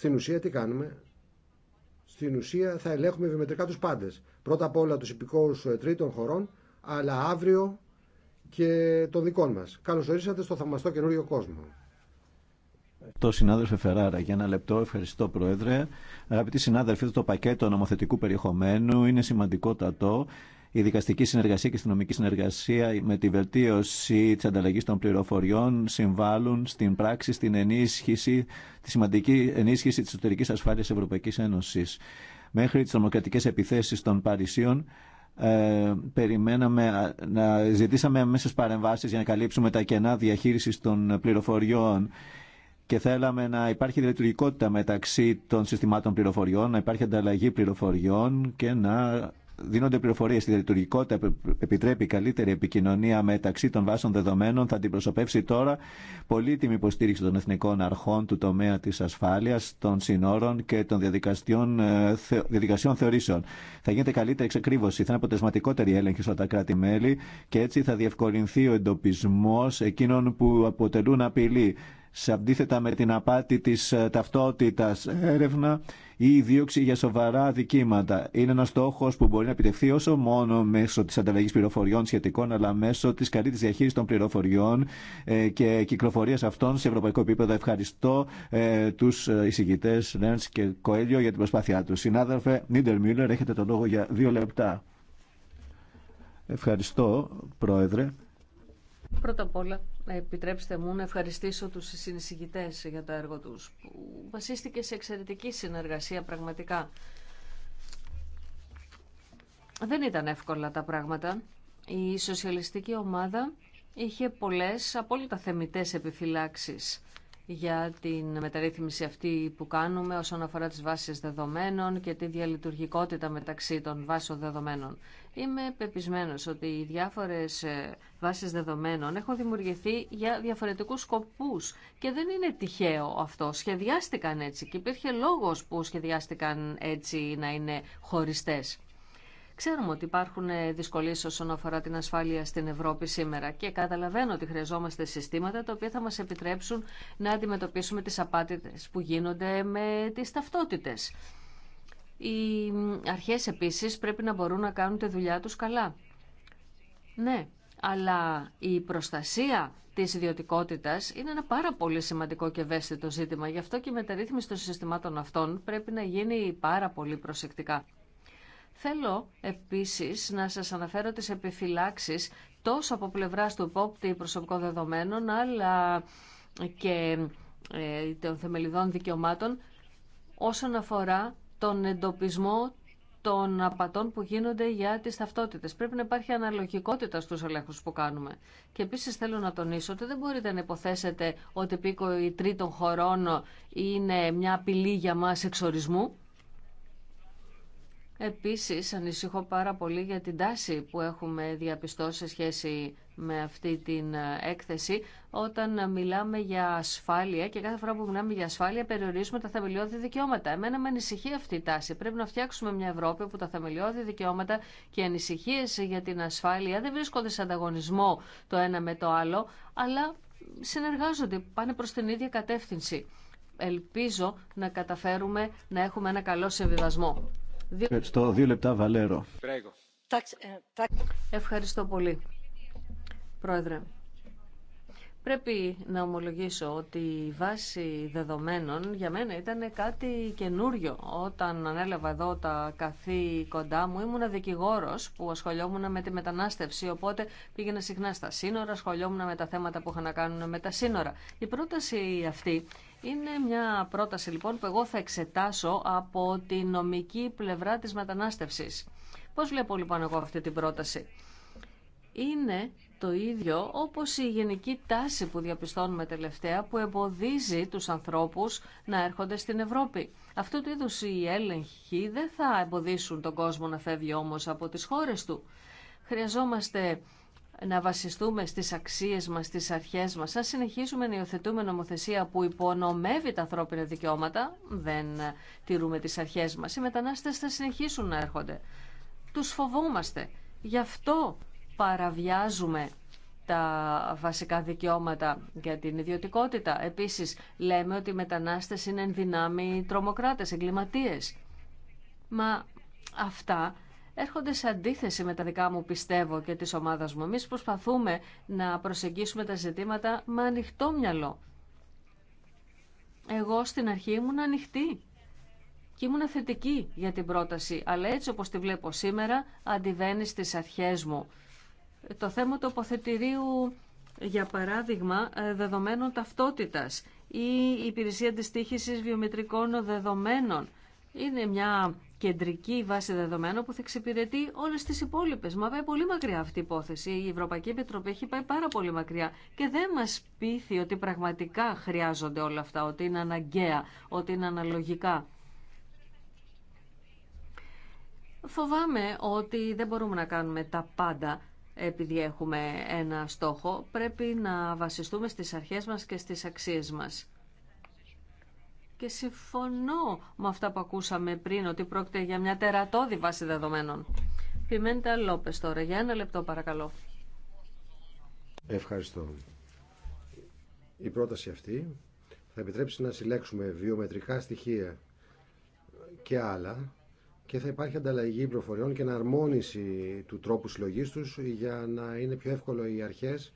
Στην ουσία τι κάνουμε. Στην ουσία θα ελέγχουμε βιομετρικά τους πάντες. Πρώτα απ' όλα τους υπηκόους ε, τρίτων χωρών, αλλά αύριο και των δικών μας. Καλώς ορίσατε στο θαυμαστό καινούριο κόσμο. Το συνάδελφε Φεράρα, για ένα λεπτό, ευχαριστώ Πρόεδρε. Αγαπητοί συνάδελφοι, το πακέτο νομοθετικού περιεχομένου είναι σημαντικότατο. Η δικαστική συνεργασία και η αστυνομική συνεργασία με τη βελτίωση τη ανταλλαγή των πληροφοριών συμβάλλουν στην πράξη στην ενίσχυση, τη σημαντική ενίσχυση τη εσωτερική ασφάλεια Ευρωπαϊκή Ένωση. Μέχρι τι τρομοκρατικέ επιθέσει των Παρισίων, ε, περιμέναμε να ζητήσαμε αμέσω παρεμβάσει για να καλύψουμε τα κενά διαχείριση των πληροφοριών και θέλαμε να υπάρχει λειτουργικότητα μεταξύ των συστημάτων πληροφοριών, να υπάρχει ανταλλαγή πληροφοριών και να δίνονται πληροφορίε. Η λειτουργικότητα επιτρέπει καλύτερη επικοινωνία μεταξύ των βάσεων δεδομένων θα αντιπροσωπεύσει τώρα πολύτιμη υποστήριξη των εθνικών αρχών του τομέα τη ασφάλεια, των συνόρων και των διαδικασιών, ε, διαδικασιών θεωρήσεων. Θα γίνεται καλύτερη εξεκρίβωση, θα είναι αποτελεσματικότερη έλεγχη στα κράτη-μέλη και έτσι θα διευκολυνθεί ο εντοπισμό εκείνων που αποτελούν απειλή σε αντίθετα με την απάτη της ε, ταυτότητας έρευνα ή δίωξη για σοβαρά δικήματα. Είναι ένας στόχος που μπορεί να επιτευχθεί όσο μόνο μέσω της ανταλλαγής πληροφοριών σχετικών, αλλά μέσω της καλύτερης διαχείρισης των πληροφοριών ε, και κυκλοφορίας αυτών σε ευρωπαϊκό επίπεδο. Ευχαριστώ ε, τους εισηγητές Λένς και Κοέλιο για την προσπάθειά τους. Συνάδελφε Νίντερ Μιούλερ, έχετε το λόγο για δύο λεπτά. Ευχαριστώ, Πρόεδρε. Πρώτα απ' όλα, Επιτρέψτε μου να ευχαριστήσω τους συνεισηγητές για το έργο τους που βασίστηκε σε εξαιρετική συνεργασία πραγματικά. Δεν ήταν εύκολα τα πράγματα. Η σοσιαλιστική ομάδα είχε πολλές απόλυτα θεμητές επιφυλάξεις για την μεταρρύθμιση αυτή που κάνουμε όσον αφορά τις βάσεις δεδομένων και τη διαλειτουργικότητα μεταξύ των βάσεων δεδομένων. Είμαι πεπισμένος ότι οι διάφορες ε, βάσεις δεδομένων έχουν δημιουργηθεί για διαφορετικούς σκοπούς και δεν είναι τυχαίο αυτό. Σχεδιάστηκαν έτσι και υπήρχε λόγος που σχεδιάστηκαν έτσι να είναι χωριστές. Ξέρουμε ότι υπάρχουν ε, δυσκολίε όσον αφορά την ασφάλεια στην Ευρώπη σήμερα και καταλαβαίνω ότι χρειαζόμαστε συστήματα τα οποία θα μα επιτρέψουν να αντιμετωπίσουμε τι απάτητε που γίνονται με τι ταυτότητε. Οι αρχέ επίση πρέπει να μπορούν να κάνουν τη δουλειά του καλά. Ναι, αλλά η προστασία τη ιδιωτικότητα είναι ένα πάρα πολύ σημαντικό και ευαίσθητο ζήτημα. Γι' αυτό και η μεταρρύθμιση των συστημάτων αυτών πρέπει να γίνει πάρα πολύ προσεκτικά. Θέλω επίσης να σας αναφέρω τις επιφυλάξεις τόσο από πλευράς του υπόπτη προσωπικών δεδομένων αλλά και ε, των θεμελιδών δικαιωμάτων όσον αφορά τον εντοπισμό των απατών που γίνονται για τι ταυτότητε. Πρέπει να υπάρχει αναλογικότητα στου ελέγχου που κάνουμε. Και επίσης θέλω να τονίσω ότι δεν μπορείτε να υποθέσετε ότι οι τρίτων χωρών είναι μια απειλή για μα εξορισμού. Επίσης ανησυχώ πάρα πολύ για την τάση που έχουμε διαπιστώσει σε σχέση με αυτή την έκθεση όταν μιλάμε για ασφάλεια και κάθε φορά που μιλάμε για ασφάλεια περιορίζουμε τα θεμελιώδη δικαιώματα. Εμένα με ανησυχεί αυτή η τάση. Πρέπει να φτιάξουμε μια Ευρώπη όπου τα θεμελιώδη δικαιώματα και ανησυχίε για την ασφάλεια δεν βρίσκονται σε ανταγωνισμό το ένα με το άλλο, αλλά συνεργάζονται, πάνε προς την ίδια κατεύθυνση. Ελπίζω να καταφέρουμε να έχουμε ένα καλό συμβιβασμό. Στο δύο λεπτά Βαλέρο. Ευχαριστώ πολύ, Πρόεδρε. Πρέπει να ομολογήσω ότι η βάση δεδομένων για μένα ήταν κάτι καινούριο. Όταν ανέλαβα εδώ τα κοντά μου, ήμουν δικηγόρος που ασχολιόμουν με τη μετανάστευση, οπότε πήγαινα συχνά στα σύνορα, ασχολιόμουν με τα θέματα που είχαν να κάνουν με τα σύνορα. Η πρόταση αυτή είναι μια πρόταση λοιπόν που εγώ θα εξετάσω από τη νομική πλευρά της μετανάστευσης. Πώς βλέπω λοιπόν εγώ αυτή την πρόταση. Είναι το ίδιο όπως η γενική τάση που διαπιστώνουμε τελευταία που εμποδίζει τους ανθρώπους να έρχονται στην Ευρώπη. Αυτού του είδους οι έλεγχοι δεν θα εμποδίσουν τον κόσμο να φεύγει όμως από τις χώρες του. Χρειαζόμαστε να βασιστούμε στις αξίες μας, στις αρχές μας. Αν συνεχίσουμε να υιοθετούμε νομοθεσία που υπονομεύει τα ανθρώπινα δικαιώματα, δεν τηρούμε τις αρχές μας. Οι μετανάστες θα συνεχίσουν να έρχονται. Τους φοβόμαστε. Γι' αυτό παραβιάζουμε τα βασικά δικαιώματα για την ιδιωτικότητα. Επίσης, λέμε ότι οι μετανάστες είναι ενδυνάμοι τρομοκράτες, εγκληματίες. Μα αυτά έρχονται σε αντίθεση με τα δικά μου πιστεύω και της ομάδας μου. Εμείς προσπαθούμε να προσεγγίσουμε τα ζητήματα με ανοιχτό μυαλό. Εγώ στην αρχή ήμουν ανοιχτή και ήμουν θετική για την πρόταση, αλλά έτσι όπως τη βλέπω σήμερα αντιβαίνει στις αρχές μου. Το θέμα του αποθετηρίου, για παράδειγμα, ε, δεδομένων ταυτότητας ή η υπηρεσία της τύχησης βιομετρικών δεδομένων. Είναι μια κεντρική βάση δεδομένων που θα εξυπηρετεί όλε τι υπόλοιπε. Μα πάει πολύ μακριά αυτή η υπόθεση. Η Ευρωπαϊκή Επιτροπή έχει πάει πάρα πολύ μακριά και δεν μα πείθει ότι πραγματικά χρειάζονται όλα αυτά, ότι είναι αναγκαία, ότι είναι αναλογικά. Φοβάμαι ότι δεν μπορούμε να κάνουμε τα πάντα επειδή έχουμε ένα στόχο. Πρέπει να βασιστούμε στις αρχές μας και στις αξίες μας και συμφωνώ με αυτά που ακούσαμε πριν ότι πρόκειται για μια τερατώδη βάση δεδομένων. Πιμέντα Λόπες τώρα, για ένα λεπτό παρακαλώ. Ευχαριστώ. Η πρόταση αυτή θα επιτρέψει να συλλέξουμε βιομετρικά στοιχεία και άλλα και θα υπάρχει ανταλλαγή προφοριών και εναρμόνιση του τρόπου συλλογής τους για να είναι πιο εύκολο οι αρχές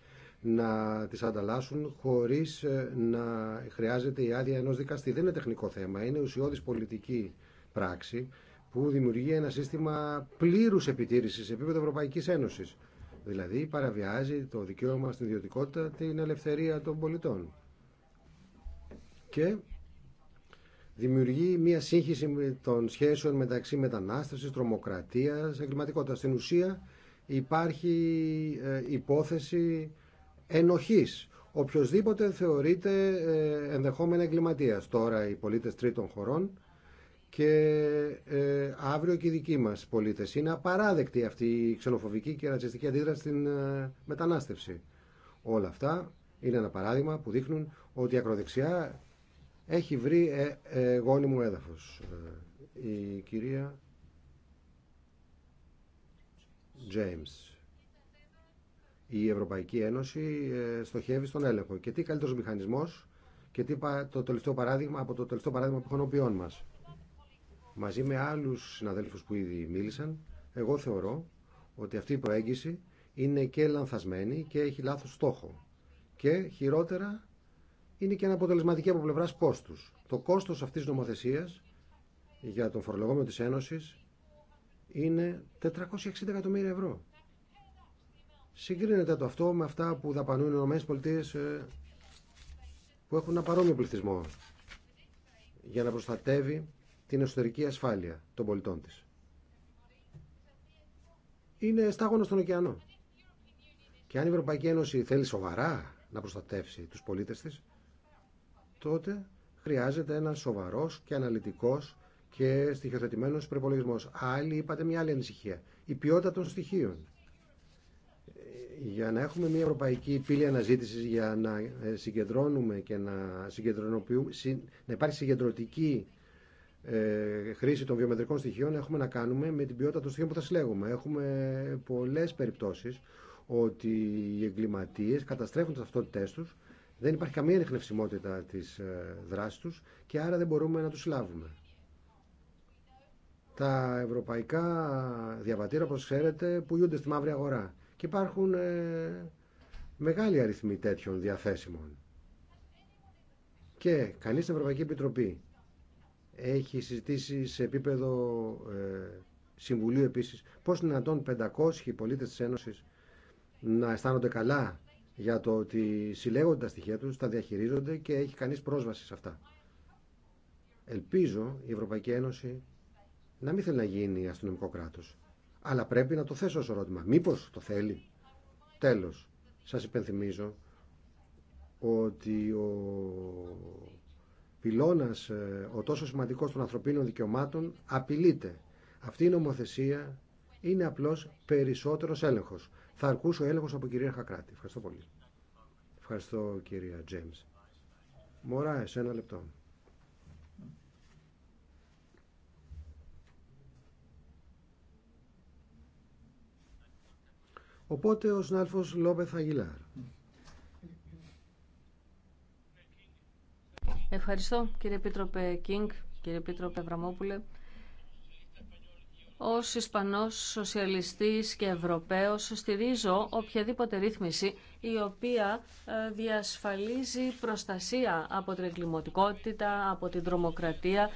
να τις ανταλλάσσουν χωρίς ε, να χρειάζεται η άδεια ενός δικαστή. Δεν είναι τεχνικό θέμα, είναι ουσιώδης πολιτική πράξη που δημιουργεί ένα σύστημα πλήρους επιτήρησης σε επίπεδο Ευρωπαϊκής Ένωσης. Δηλαδή παραβιάζει το δικαίωμα στην ιδιωτικότητα την ελευθερία των πολιτών. Και δημιουργεί μια σύγχυση των σχέσεων μεταξύ μετανάστευσης, τρομοκρατίας, εγκληματικότητας. Στην ουσία υπάρχει ε, υπόθεση ενοχής. Οποιοδήποτε θεωρείται ε, ενδεχόμενα εγκληματίας. Τώρα οι πολίτες τρίτων χωρών και ε, αύριο και οι δικοί μας πολίτες. Είναι απαράδεκτη αυτή η ξενοφοβική και ρατσιστική αντίδραση στην ε, μετανάστευση. Όλα αυτά είναι ένα παράδειγμα που δείχνουν ότι η ακροδεξιά έχει βρει γόνιμο έδαφος. Η κυρία James η Ευρωπαϊκή Ένωση ε, στοχεύει στον έλεγχο. Και τι καλύτερο μηχανισμό και τι το τελευταίο παράδειγμα από το τελευταίο παράδειγμα που χωνοποιών μα. Μαζί με άλλου συναδέλφου που ήδη μίλησαν, εγώ θεωρώ ότι αυτή η προέγγιση είναι και λανθασμένη και έχει λάθο στόχο. Και χειρότερα είναι και αναποτελεσματική από πλευρά κόστου. Το κόστο αυτή τη νομοθεσία για τον φορολογόμενο τη Ένωση είναι 460 εκατομμύρια ευρώ. Συγκρίνεται το αυτό με αυτά που δαπανούν οι ΗΠΑ ε, που έχουν ένα παρόμοιο πληθυσμό για να προστατεύει την εσωτερική ασφάλεια των πολιτών της. Είναι στάγονο στον ωκεανό. Και αν η Ευρωπαϊκή Ένωση θέλει σοβαρά να προστατεύσει τους πολίτες της, τότε χρειάζεται ένα σοβαρός και αναλυτικός και στοιχειοθετημένος προπολογισμό. Άλλοι είπατε μια άλλη ανησυχία. Η ποιότητα των στοιχείων για να έχουμε μια ευρωπαϊκή πύλη αναζήτησης για να ε, συγκεντρώνουμε και να συγκεντρωνοποιούμε να υπάρχει συγκεντρωτική ε, χρήση των βιομετρικών στοιχείων έχουμε να κάνουμε με την ποιότητα των στοιχείων που θα συλλέγουμε. Έχουμε πολλές περιπτώσεις ότι οι εγκληματίες καταστρέφουν τις ταυτότητές τους, δεν υπάρχει καμία ενεχνευσιμότητα της ε, δράσης τους και άρα δεν μπορούμε να τους συλλάβουμε. Τα ευρωπαϊκά διαβατήρα, όπως ξέρετε, πουλούνται στη μαύρη αγορά. Και υπάρχουν ε, μεγάλοι αριθμοί τέτοιων διαθέσιμων. Και κανείς στην Ευρωπαϊκή Επιτροπή έχει συζητήσει σε επίπεδο ε, Συμβουλίου επίσης πώς δυνατόν 500 πολίτες της Ένωσης να αισθάνονται καλά για το ότι συλλέγονται τα στοιχεία τους, τα διαχειρίζονται και έχει κανείς πρόσβαση σε αυτά. Ελπίζω η Ευρωπαϊκή Ένωση να μην θέλει να γίνει αστυνομικό κράτος. Αλλά πρέπει να το θέσω ως ερώτημα. Μήπως το θέλει. Τέλος, σας υπενθυμίζω ότι ο πυλώνας, ε, ο τόσο σημαντικός των ανθρωπίνων δικαιωμάτων, απειλείται. Αυτή η νομοθεσία είναι απλώς περισσότερος έλεγχος. Θα αρκούσε ο έλεγχος από κυρία Χακράτη. Ευχαριστώ πολύ. Ευχαριστώ κυρία Τζέμς. Μωρά, ένα λεπτό. Οπότε ο συνάδελφος Λόπεθ Αγγιλάρ. Ευχαριστώ κύριε Επίτροπε Κίνγκ, κύριε Επίτροπε Βραμόπουλε. Ως Ισπανός Σοσιαλιστής και Ευρωπαίος στηρίζω οποιαδήποτε ρύθμιση η οποία ε, διασφαλίζει προστασία από την εγκληματικότητα, από την τρομοκρατία,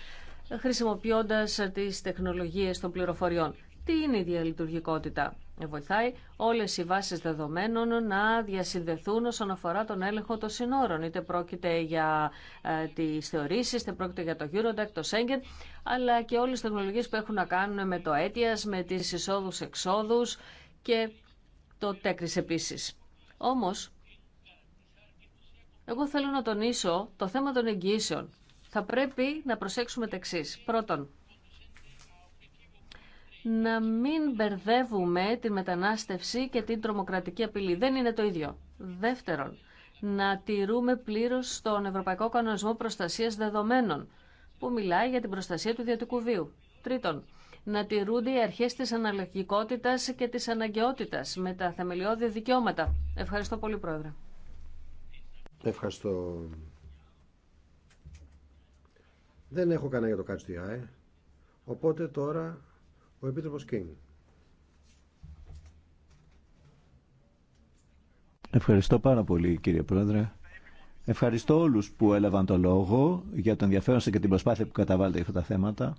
χρησιμοποιώντας τις τεχνολογίες των πληροφοριών. Τι είναι η διαλειτουργικότητα βοηθάει όλες οι βάσεις δεδομένων να διασυνδεθούν όσον αφορά τον έλεγχο των συνόρων. Είτε πρόκειται για ε, τις θεωρήσεις, είτε πρόκειται για το Eurodac, το Schengen, αλλά και όλες τις τεχνολογίες που έχουν να κάνουν με το αίτιας, με τις εισόδους-εξόδους και το τέκρις επίσης. Όμως, εγώ θέλω να τονίσω το θέμα των εγγύσεων. Θα πρέπει να προσέξουμε τα εξή. Πρώτον, να μην μπερδεύουμε τη μετανάστευση και την τρομοκρατική απειλή. Δεν είναι το ίδιο. Δεύτερον, να τηρούμε πλήρως τον Ευρωπαϊκό Κανονισμό Προστασίας Δεδομένων, που μιλάει για την προστασία του ιδιωτικού βίου. Τρίτον, να τηρούνται οι αρχές της αναλογικότητας και της αναγκαιότητας με τα θεμελιώδη δικαιώματα. Ευχαριστώ πολύ, Πρόεδρε. Ευχαριστώ. Δεν έχω κανένα για το ΚΑΤΣΤΙΑΕ, οπότε τώρα ο Ευχαριστώ πάρα πολύ κύριε Πρόεδρε. Ευχαριστώ όλους που έλαβαν το λόγο για τον ενδιαφέρον και την προσπάθεια που καταβάλλετε για αυτά τα θέματα.